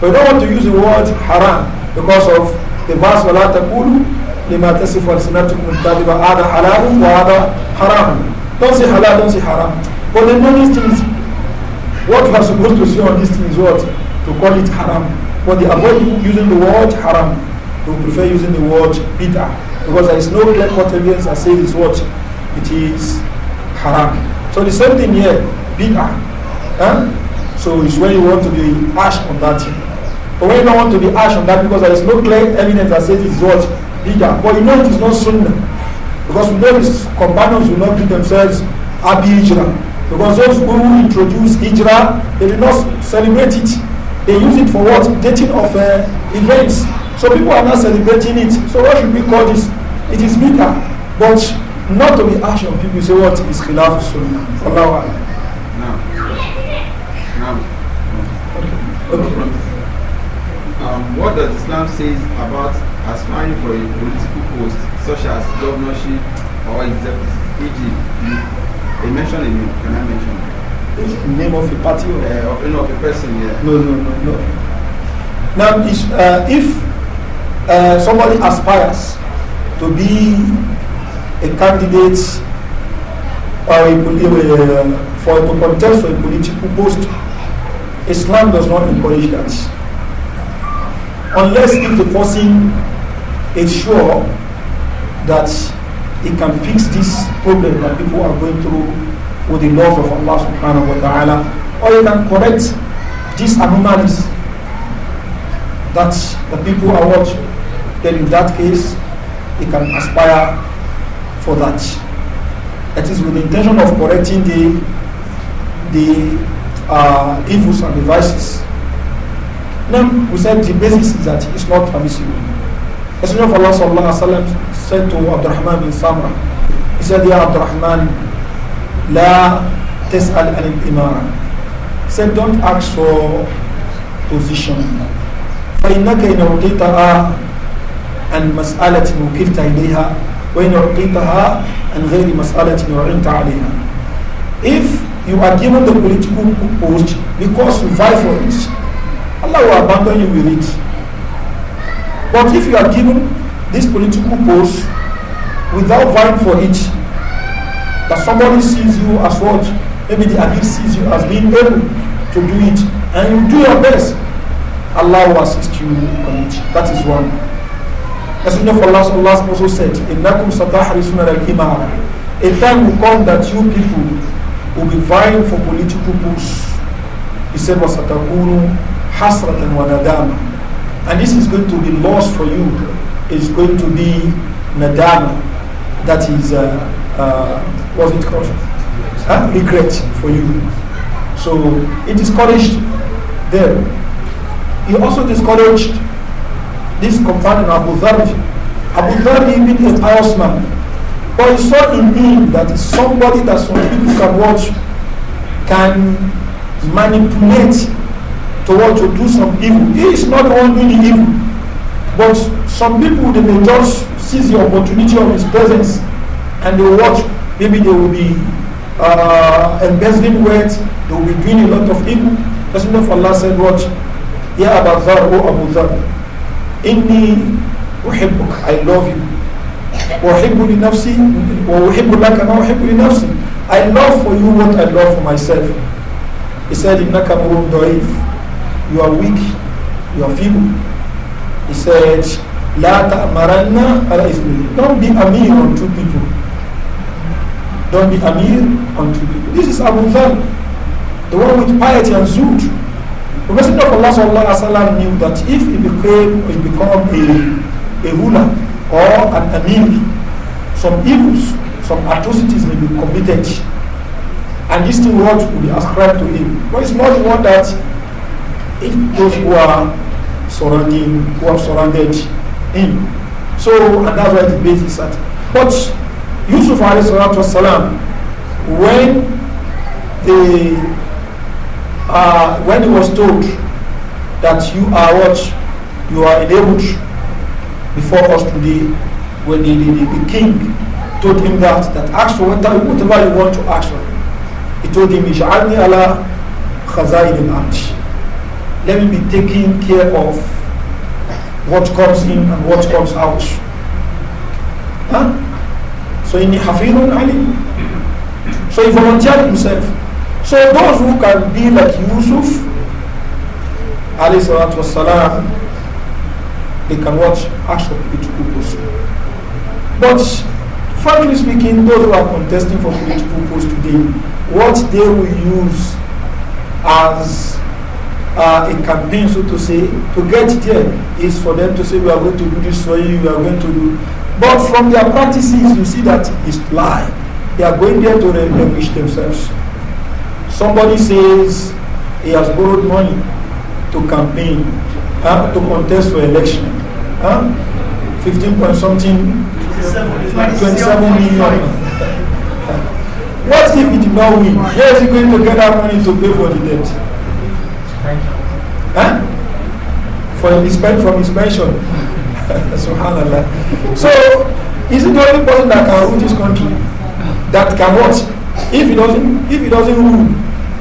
But you don't want to use the word haram because of the verse وَلَا تَقُولُوا لِمَا تَسِفُ أَلْسِنَتُكُمُ الْكَذِبَ هَذَا حَلَالٌ وَهَذَا حَرَامٌ Don't say halal, don't say haram. But they know these things. What you are supposed to say on these things, what? To call it haram. But they avoid using the word haram. They prefer using the word bid'ah. Because there is no clear cut evidence that says it's what? It is haram. So the same thing here, bid'ah. Eh? So it's when you want to be ash on that thing. But when you don't want to be ash on that because there is no clear evidence that says it's what? Bid'ah. But you know it is not sunnah. Because we his companions will not give themselves Abi Hijra. Because those who introduce Hijra, they did not celebrate it. They use it for what? Dating of uh, events. So people are not celebrating it. So what should we call this? It is bitter. But not to be harsh on people say what is Khilaf Sunnah. Allah Allah. Okay. Um, what does Islam says about aspiring for a political post such as governorship or executive, e.g., they mention a name. Can I mention? the name of the party or uh, of, you know, of a person? Yeah. No, no, no, no. Now, uh, if uh, somebody aspires to be a candidate or a, uh, for to contest for a political post, Islam does not encourage that. Unless if the person is sure that it can fix this problem that people are going through with the laws of Allah subhanahu wa ta'ala, or it can correct these anomalies that the people are watching. Then in that case, it can aspire for that. It is with the intention of correcting the the uh, evils and the vices. Now we said the basis is that it's not permissible. Messenger of Allah sallallahu Wa wasallam said قصته عبد الرحمن بن سمرة يسأل يا عبد الرحمن لا تسأل عن الإمارة He said don't ask for position فإنك إن أعطيتها عن مسألة وكلت إليها وإن أعطيتها عن غير مسألة وعنت عليها If you are given the political post because you fight for it, Allah will abandon you with it. But if you are given this political post without vying for it. That somebody sees you as what? Maybe the Amir sees you as being able to do it. And you do your best. Allah will assist you on it. That is one. As you of last, Allah also said, Nakum satahrisuna al A time will come that you people will be vying for political posts. He said, وَسَتَكُونُ hasratan wanadam." And this is going to be lost for you is going to be nadama, that is, uh, uh, what's it called? Huh? Regret for you. So he discouraged them. He also discouraged this companion Abu Dharr. Abu Dharr being a pious man. But he saw in him that somebody that some people can watch can manipulate to want to do some evil. He is not the one doing the evil. But some people they may just seize the opportunity of his presence and they watch maybe they will be uh, embezzling words they will be doing a lot of evil Messenger of Allah said what Ya Abu Dhar O Abu Dhar Inni uhibbuk I love you وأحب لنفسي وأحب لك ما أحب لنفسي I love for you what I love for myself He said إنك مرور ضعيف You are weak You are feeble He said La ala Don't be amir on two people. Don't be amir on two people. This is Abu Dhar, the one with piety and zood. The Messenger of Allah sallallahu alaihi knew that if he became, he become a, a ruler or an amir, some evils, some atrocities may be committed. And this thing what will be ascribed to him. But it's not one that if those who are surrounding, who are surrounded him. So that's why the base is at. But Yusuf والسلام, when the uh, when he was told that you are what you are enabled before us today, when the, the, the, the king told him that that ask for whatever, whatever you want to ask for, he told him, "Ij'alni ala khazain al Let me be taking care of what comes in and what comes out. Huh? So in Hafidun Ali. So he volunteered himself. So those who can be like Yusuf, Ali Salatu Wasalam, they can watch action political posts. But frankly speaking, those who are contesting for political posts today, what they will use as uh, inconvenience, so to say, to get there is for them to say, we are going to do this for you, we are going to do. But from their practices, you see that it's lie. They are going there to enrich themselves. Somebody says he has borrowed money to campaign, uh, to contest for election. Uh, 15 point something, 27, 27 million. What if he did not win? Where is he going to get that money to pay for the debt? Huh? For his, from his pension. Subhanallah. So, is it the only person that can rule this country? That can what? If he doesn't, if he doesn't rule,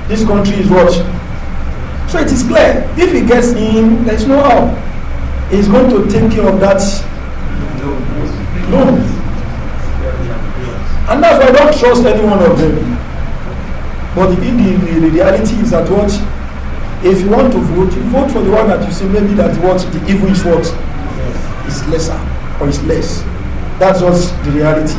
this country is what? So it is clear. If he gets in, there's no how. He's going to take care of that loan. And that's why I don't trust any one of them. But the, the, the reality is that what If you want to vote, you vote for the one that you see maybe that what the evil is what is lesser or is less. That's what's the reality.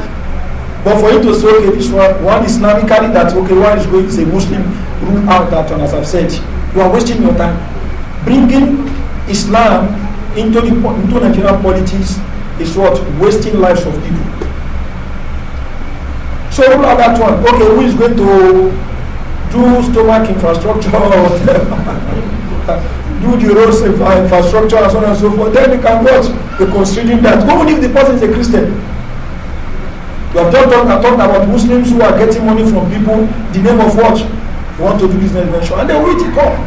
But for you to say, okay, this one, one is Islamically that, okay, one is going to say Muslim, rule out that one, as I've said, you are wasting your time. Bringing Islam into, the, into Nigerian politics is what? Wasting lives of people. So rule out that one. Okay, who is going to do stomach infrastructure or do the roads infrastructure and so on and so forth, then you can watch the considering that even if the person is a Christian. You have talked, talked, talked about Muslims who are getting money from people, the name of what? You want to do business venture, and they wait to come.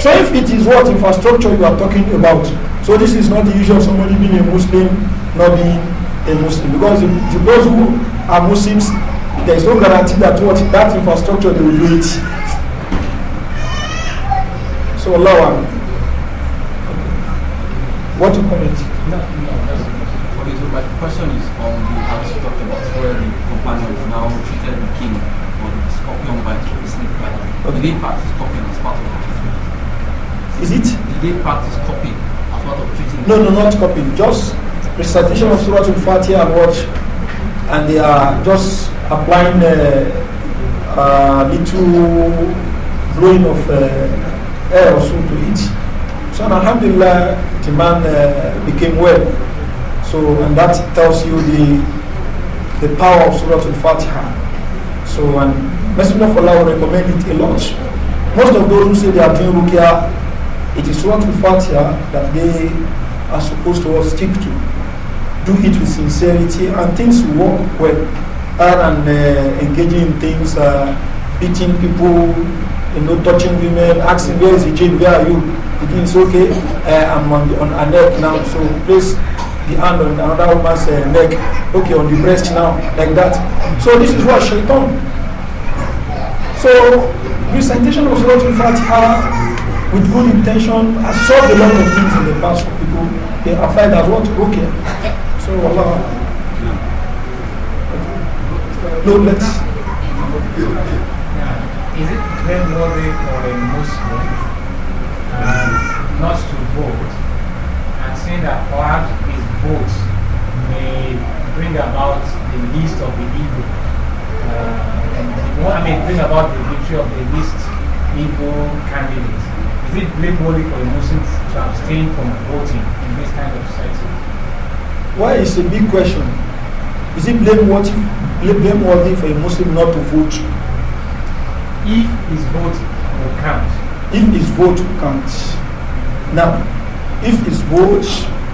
So if it is what infrastructure you are talking about, so this is not the issue of somebody being a Muslim, not being a Muslim. Because those who are Muslims, there is no guarantee that what that infrastructure they will do it. So Allah okay. Um, what to comment? No, no, okay, so my question is on the as you talked about where the companion is now treated the king or the scorpion by the snake by okay. the day part is scorpion as part of the Is it? The day part is copying as part of treating No no not copying, just recitation of Surah Al-Fatiha and what and they are just applying a uh, little blowing of uh, air or so to it. So alhamdulillah, the man uh, became well. So and that tells you the the power of Surah Al-Fatiha. So and Messenger of Allah will recommend it a lot. Most of those who say they are doing rukia, it is Surah Al-Fatiha that they are supposed to stick to do it with sincerity, and things work well. And than uh, engaging in things, uh, beating people, you know, touching women, asking where is the gym, where are you? it's okay, uh, I'm on, the, on her neck now, so place the hand on another woman's uh, neck, okay, on the breast now, like that. So this is what done. So was not in fact her with good intention I solved a lot of things in the past for people. They are applied as what? Okay. So Allah. No, let's. Is it blameworthy for a Muslim um, not to vote and saying that perhaps his vote may bring about the least of the evil? Uh, I mean, bring about the victory of the least evil candidate. Is it blameworthy for a Muslim to abstain from voting in this kind of society? Why is a big question? Is it blameworthy, blameworthy for a Muslim not to vote? If his vote will count. If his vote counts. Now, if his vote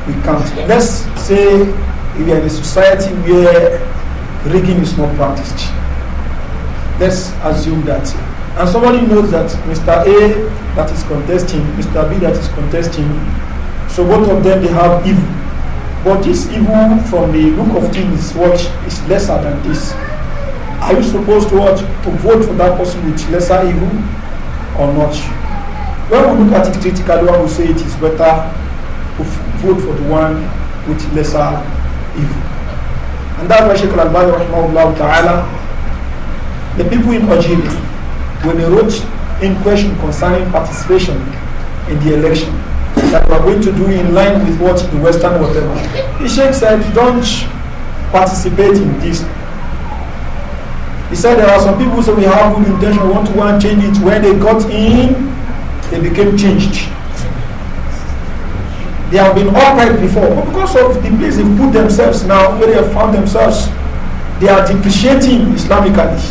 will count. Let's say we are in a society where rigging is not practiced. Let's assume that. And somebody knows that Mr. A that is contesting, Mr. B that is contesting, so both of them they have evil. But this evil from the look of things what is lesser than this. Are you supposed to what to vote for that person with lesser evil or not? When we look at it critically, one will say it is better to vote for the one with lesser evil. And that's why Sheikh Al-Albani rahimahullah ta'ala, the people in Algeria, when they wrote in question concerning participation in the election, that we are going to do in line with what the Western whatever. The Sheikh said, don't participate in this. He said there are some people who say we have good intention, want to go and change it. When they got in, they became changed. They have been upright before, but because of the place they put themselves now, where they have found themselves, they are depreciating Islamically.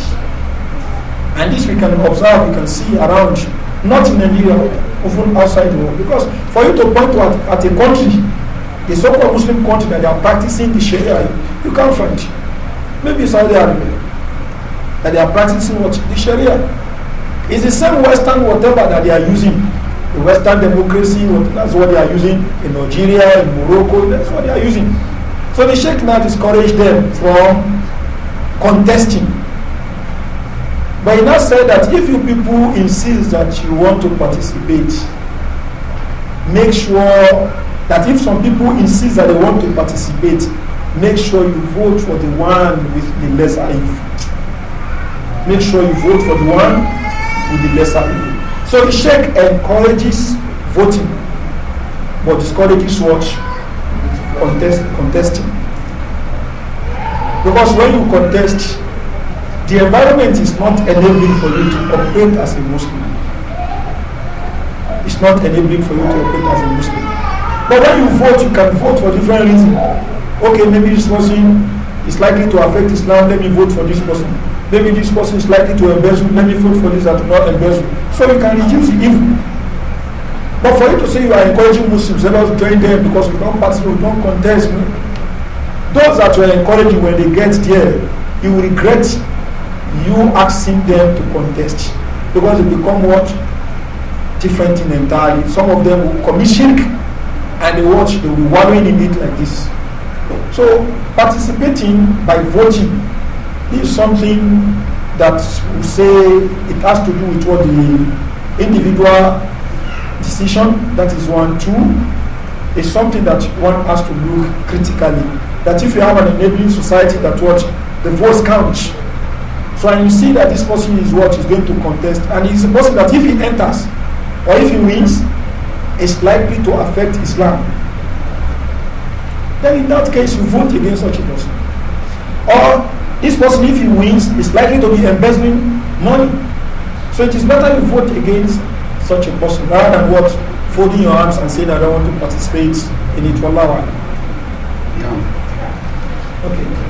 And this we can observe, we can see around, not in Nigeria, even outside the world. Because for you to point to at, at a country, a so-called Muslim country that they are practicing the Sharia, you can't find. Maybe Saudi Arabia, that they are practicing what the Sharia. is the same Western whatever that they are using. The Western democracy, that's what they are using in Nigeria, in Morocco, that's what they are using. So the Sheikh now discouraged them from contesting But he now said that if you people insist that you want to participate, make sure that if some people insist that they want to participate, make sure you vote for the one with the lesser evil. Make sure you vote for the one with the lesser evil. So the Sheikh encourages voting, but discourages what? Contest, contesting. Because when you contest, the environment is not enabling for you to operate as a Muslim. It's not enabling for you to operate as a Muslim. But when you vote, you can vote for different reasons. Okay, maybe this person is likely to affect Islam, let me vote for this person. Maybe this person is likely to embezzle, let me vote for this that do not embezzle. So you can reduce the evil. But for you to say you are encouraging Muslims, let us join them because we don't participate, we don't contest. Those that you are encouraging when they get there, you will regret you asking them to contest because they become what different in entirely some of them will commit shirk and they watch they will be wallowing in it like this so participating by voting is something that we say it has to do with what the individual decision that is one two is something that one has to look critically that if you have an enabling society that what the vote counts. So and you see that this person is what is going to contest, and it's a person that if he enters or if he wins, is likely to affect Islam. Then in that case, you vote against such a person. Or this person, if he wins, is likely to be embezzling money. So it is better you vote against such a person rather than what folding your arms and saying I don't want to participate in it. Wallah. Yeah. Okay.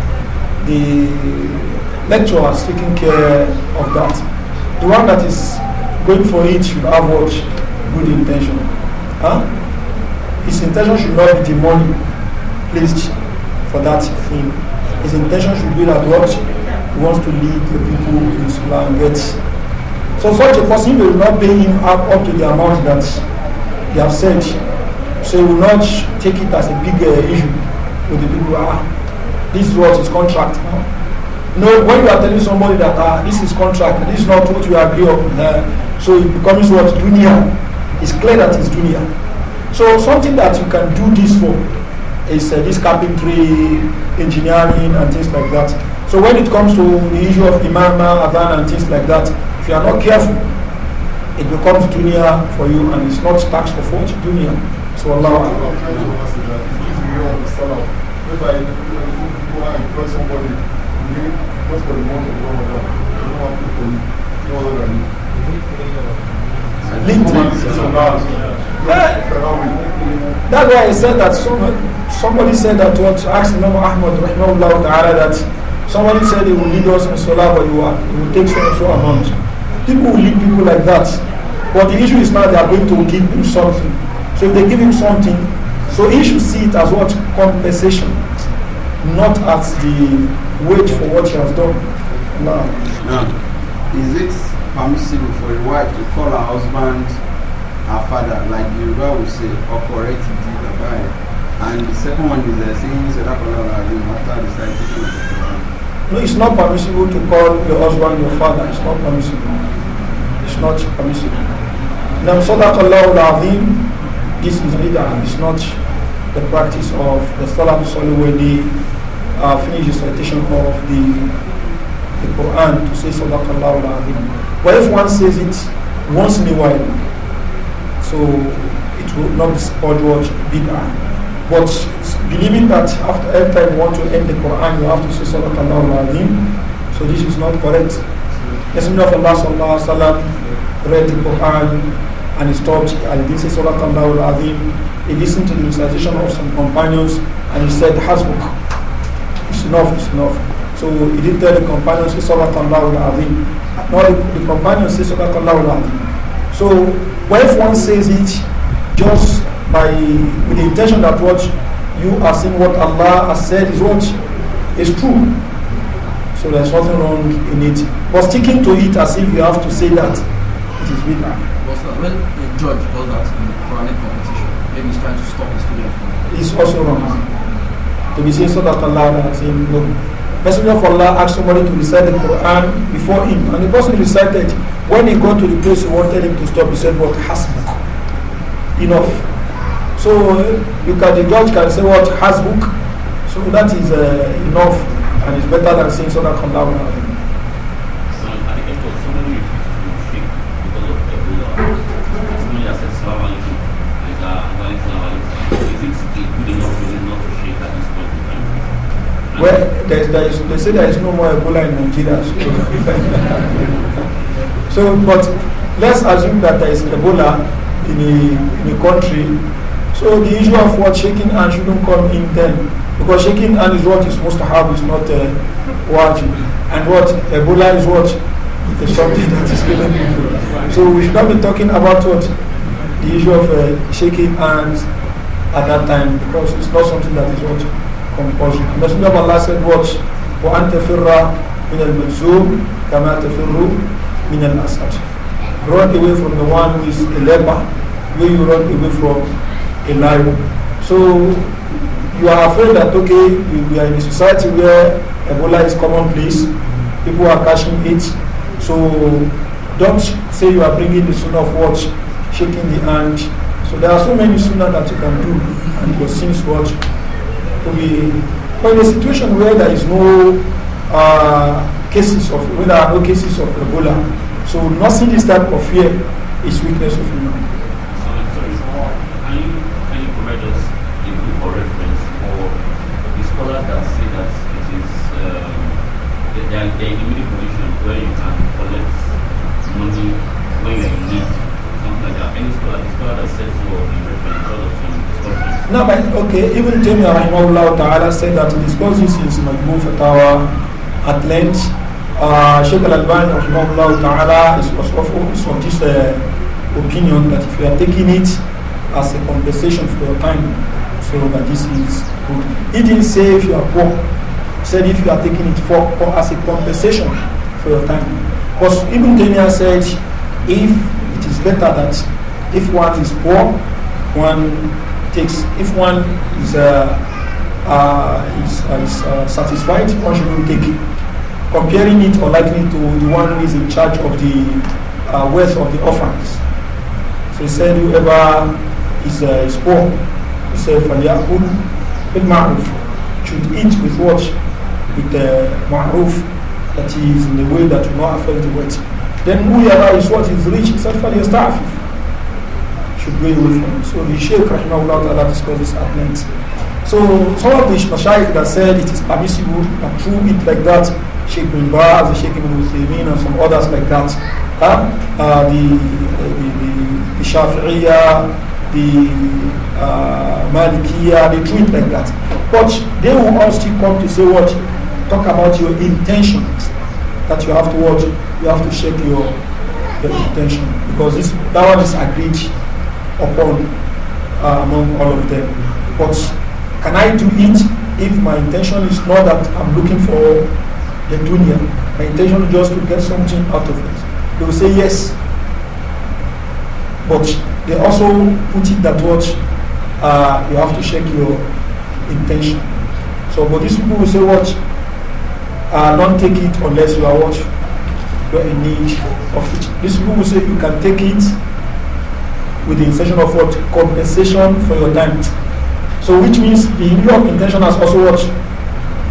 the lecturers taking care of that. The one that is going for it should have what good intention. Huh? His intention should not be the money placed for that thing. His intention should be that what he wants to lead the people to Islam get. So such a person will not pay him up, up to the amount that they have said. So he will not take it as a big uh, issue with the people. Ah, this was his contract no? no, when you are telling somebody that ah, this is contract, this is not what you agree on, uh, so it becomes what junior. It's clear that it's junior. So something that you can do this for is uh, this carpentry, engineering, and things like that. So when it comes to the issue of imama, adhan, and things like that, if you are not careful, it becomes junior for you, and it's not tax for what dunya. So Allah. not employ somebody to live the month of Ramadan. You don't have to for No other than you. That's why I said that some, somebody said that what asked Imam Ahmad rahimahullah ta'ala that somebody said he will lead us in Salah but he will, he will take so and so amount. People will lead people like that. But the issue is now they are going to give him something. So if they give him something, so he should see it as what? Compensation not at the wage for what she has done. Now, now is it permissible for a wife to call her husband her father, like Yoruba will say, operate the Babai? And the second one is uh, saying Sadakola after the citation of the Quran. No, it's not permissible to call your husband your father. It's not permissible. It's not permissible. Now, Sadakola Azim, this is bigger. It's not the practice of the Salaf Sali when they uh, finish the citation of the, the Quran to say Sadaqallahu al But if one says it once in a while, so it will not be called what bid'ah. But believing that after every time you want to end the Quran, you have to say Sadaqallahu al so this is not correct. Messenger of Allah sallallahu read the Quran and he stopped and he didn't say Sadaqallahu he listened to the recitation of some companions and he said, Hasbuk, it's enough, it's enough. So he did tell the companions, Sabatallahu al-Azim. Now the, the companions say, Sabatallahu al-Azim. So when one says it, just by with the intention that what you are saying what Allah has said is what is true. So there's nothing wrong in it. But sticking to it as if you have to say that it is bid'ah. Well, when a judge does that in the Quranic he's trying to stop the student from It's also wrong. To be seen so that Allah and him no. Messenger of Allah asked somebody to recite the Quran before him, and the person recited. When he got to the place he wanted him to stop, he said, What book? Enough. So uh, you can the judge can say what has book?" So that is uh, enough and it's better than saying so that come down. Well, there is, there is, they say there is no more Ebola in Nigeria. So, but let's assume that there is Ebola in a, in a country. So the issue of what shaking hands shouldn't come in then. Because shaking hands is what is supposed to have, is not uh, wajib. And what Ebola is what is something that is killing people. So we should not be talking about what the issue of uh, shaking hands at that time because it's not something that is what compulsion. The Messenger of Allah said, What? وَأَنْ تَفِرَّ مِنَ الْمَجْزُومِ كَمَا تَفِرُّ مِنَ الْأَسَدِ Run away from the one who is a leper, where you run away from a lion. So you are afraid that, okay, we are in a society where Ebola is commonplace, people are catching it. So don't say you are bringing the sunnah of what? Shaking the hand. So there are so many sunnah that you can do, and your sins watch. we but in a situation where there is no uh, cases of where there are no cases of Ebola, so not see this type of fear is weakness of human. So, sorry, can you can you provide us a for reference for this scholars that say that it is um, they are, they are in the middle position where you can collect money when you need something like that. scholar, scholar now, but okay, even Ibn Taymiyyah ta'ala said that he discusses his Majmu Fatawa at length. Uh, Sheikh Al-Albani ta'ala is of, of this uh, opinion that if you are taking it as a compensation for your time, so that this is good. He didn't say if you are poor. He said if you are taking it for, or as a compensation for your time. Because Ibn Taymiyyah said if it is better that if one is poor, one takes. If one is, uh, uh, is, uh, is uh, satisfied, one should take it. Comparing it or likening to the one who is in charge of the uh, wealth of the orphans. So he said, whoever is, is poor, he said, فَلْيَأْكُلْ maruf Should eat with what? With the ma'ruf that is in the way that will not affect the wealth. Then whoever is what is rich, he said, staff should do away from. So the Shaykh Rahimahullah Ta'ala discussed this at length. So some of the Mashaykh that said it is permissible to approve it like that, Sheikh bin Baz, the Sheikh Ibn Uthaymeen and some others like that. Huh? Uh, the, uh, the, the, the the uh, Malikiya, they do it like that. But they will all still come to say what? Talk about your intention. That you have to what? You have to check your, your intention. Because this, that one is agreed upon uh, among all of them. But can I do it if my intention is not that I'm looking for the dunya? My intention is just to get something out of it. They will say yes. But they also put it that what uh, you have to check your intention. So, but these people will say what? Uh, don't take it unless you are what? You are in need of it. These people will say you can take it with the intention of what? Compensation for your time. So which means the intention has also what?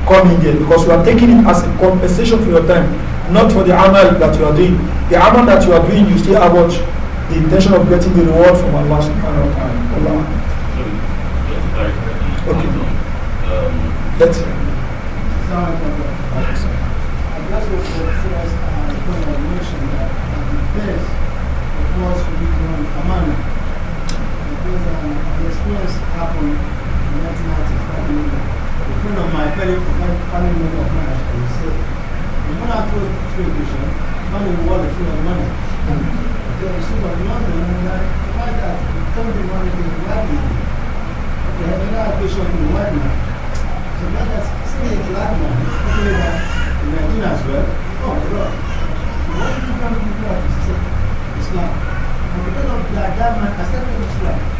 Come in there because you are taking it as a compensation for your time, not for the amal that you are doing. The amal that you are doing, you still have what? The intention of getting the reward from Allah subhanahu wa ta'ala. Okay. Let's. Uh, I mentioned uh, serious happened? in that's not a friend of my family, family member of mine actually said, when I told television, money was full of money. And they were full of London, and I find that told me one thing, why did you? They had another patient in white man. So now that's still a black man, talking about in Nigeria as well. Oh, God. So why did you come to the Islam? And because of that, that man accepted Islam.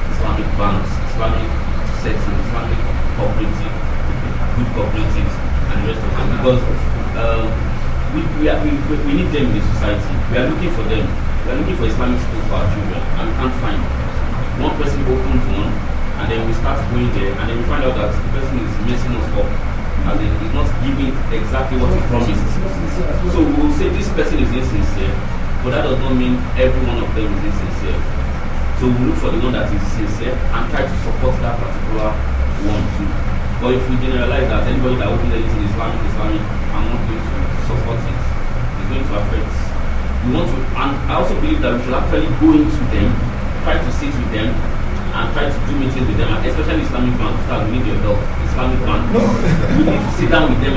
Islamic banks, Islamic setting, Islamic property, good cooperatives, and the rest of them. Because uh, we, we, are, we, we need them in the society. We are looking for them. We are looking for Islamic schools for our children, and we can't find. One person opens one, and then we start going there, and then we find out that the person is messing us up. And they are not giving exactly what he promised. So we will say this person is insincere, but that does not mean every one of them is insincere. So we look for the one that is sincere and try to support that particular one too. But if we generalize that anybody that opens anything is Islamic, I'm not going to support it. It's going to affect. We want to, and I also believe that we should actually go into them, try to sit with them, and try to do meetings with them, and especially Islamic ones, because we need your help. Islamic you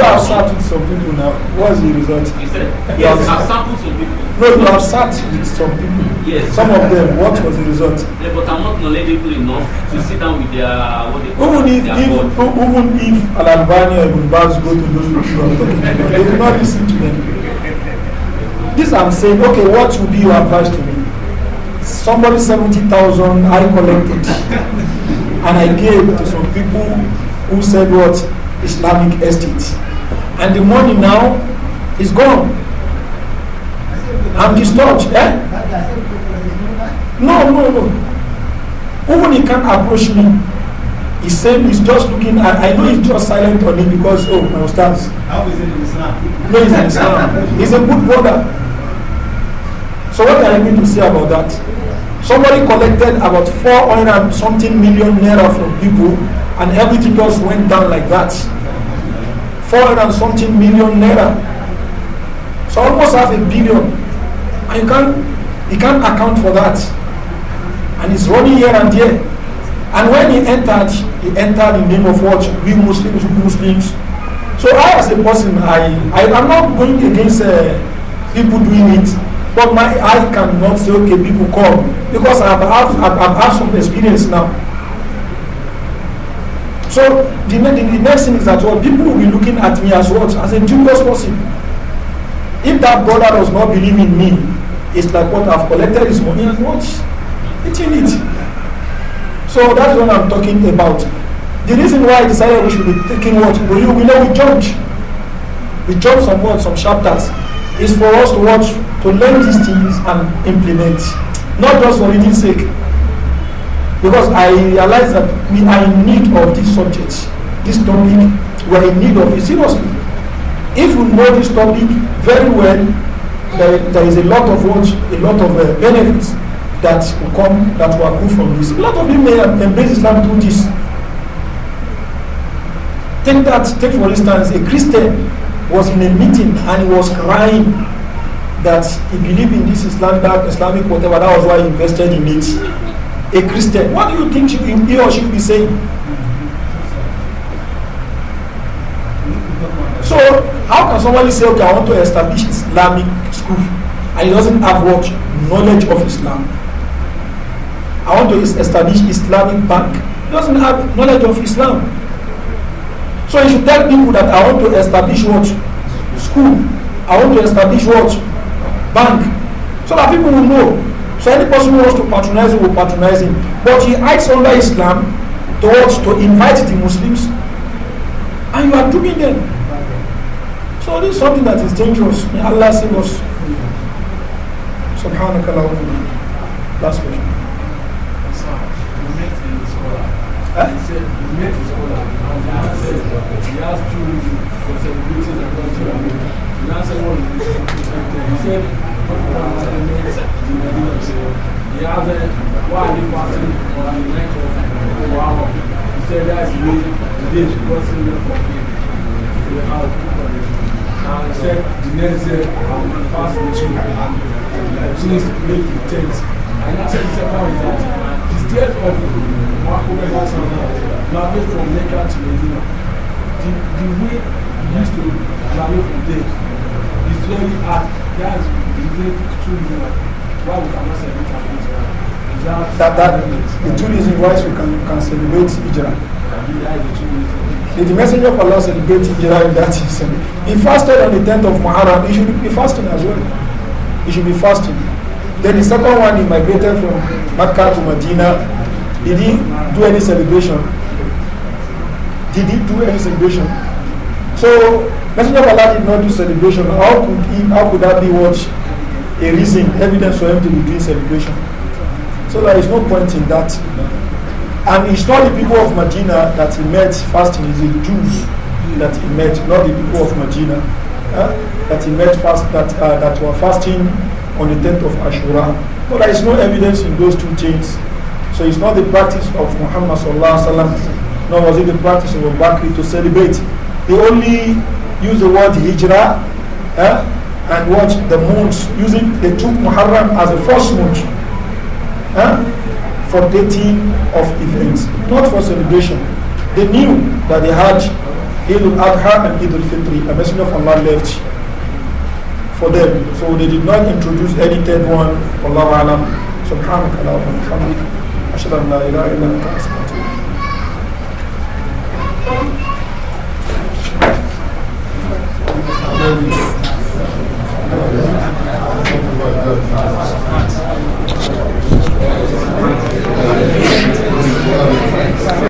have sat with some people now. What What's the result? You said, yes, I've sat with some people. No, you have sat with some people. Yes. Some of them, what was the result? Yeah, but I'm not knowledgeable enough to sit down with their, what they call Even if, their if, board. Even if Al-Albani and Ibn Baz go to those people, they will not listen to them. This I'm saying, okay, what would be your advice to me? Somebody seventy thousand I collected, and I gave to some people who said what Islamic estate, and the money now is gone. I'm disturbed. Eh? No, no, no. Even he can't approach me. He's saying he's just looking at. I know he's just silent on it because oh my stars. How is it Islam? No, he's Islam. He's a good brother. So what are you going to say about that? Somebody collected about four hundred something million naira from people, and everything just went down like that. Four hundred something million naira. So almost half a billion. And you can't, you can't account for that. And it's running here and there. And when he entered, he entered in the name of what? We Muslims, we Muslims. So I, as a person, I, I am not going against uh, people doing it. But my I cannot say, okay, people come because I've have, I've, have had some experience now. So the, the, the next thing is that well, people will be looking at me as what? As a dubious person. If that brother does not believe in me, it's like what I've collected his money and what? Eating it. So that's what I'm talking about. The reason why I decided we should be taking what? We, we know we judge. We judge some words, some chapters. is for us to watch, to learn these things and implement. Not just for reading sake. Because I realize that we are in need of this subject, this topic. We are in need of it seriously. If we know this topic very well, there, there is a lot of what, a lot of uh, benefits that will come, that will accrue from this. A lot of people may embrace Islam through this. Take that, take for instance, a Christian was in a meeting and he was crying that he believed in this Islam, dark Islamic whatever, that was why he invested in it. A Christian, what do you think she, he or she be saying? So, how can somebody say, okay, I want to establish Islamic school and he doesn't have what? Knowledge of Islam. I want to establish Islamic bank. He doesn't have knowledge of Islam. So you should tell people that I want to establish what? School. I want to establish what? Bank. So that people will know. So any person who wants to patronize him will patronize him. But he acts under Islam towards to invite the Muslims. And you are doing them. So this is something that is dangerous. May Allah save us. سبحانك اللهم Last question. Huh? He has two possibilities and not two America. The answer one is he the other, why are they passing on said that's the way they crossing the forgave. They fast with you and please make the tent. And that's the second is that the state of Muhammad from Mecca to Medina. The, the way he used to travel from there is very hard. That is the way two reasons why we cannot celebrate Hijrah. That, that, the two reasons why we can, can celebrate Hijrah. Did the messenger of Allah celebrate Hijrah in that season? Um, he fasted on the 10th of Muharram. He should be fasting as well. He should be fasting. Then the second one, he migrated from Makkah to Medina Did he do any celebration? Did he do any celebration? So Messenger of Allah did not do celebration. How could he, how could that be what a reason, evidence for him to be doing celebration? So there is no point in that. And it's not the people of Medina that he met fasting, it's the Jews that he met, not the people of Medina. that he met fast that uh, that were fasting on the 10th of Ashura. But there is no evidence in those two things. So it's not the practice of Muhammad sallallahu alaihi wasallam, nor was it the practice of Abu Bakr to celebrate. They only used the word hijrah eh? and what the moons using they took Muharram as a first moon eh? for dating of events, not for celebration. They knew that they had Eid al-Adha and Eid al fitri A messenger of Allah left for them. So they did not introduce any third one. Allah Alam. wa taala. أشهد أن لا إله إلا أنت أستغفرك Thank you.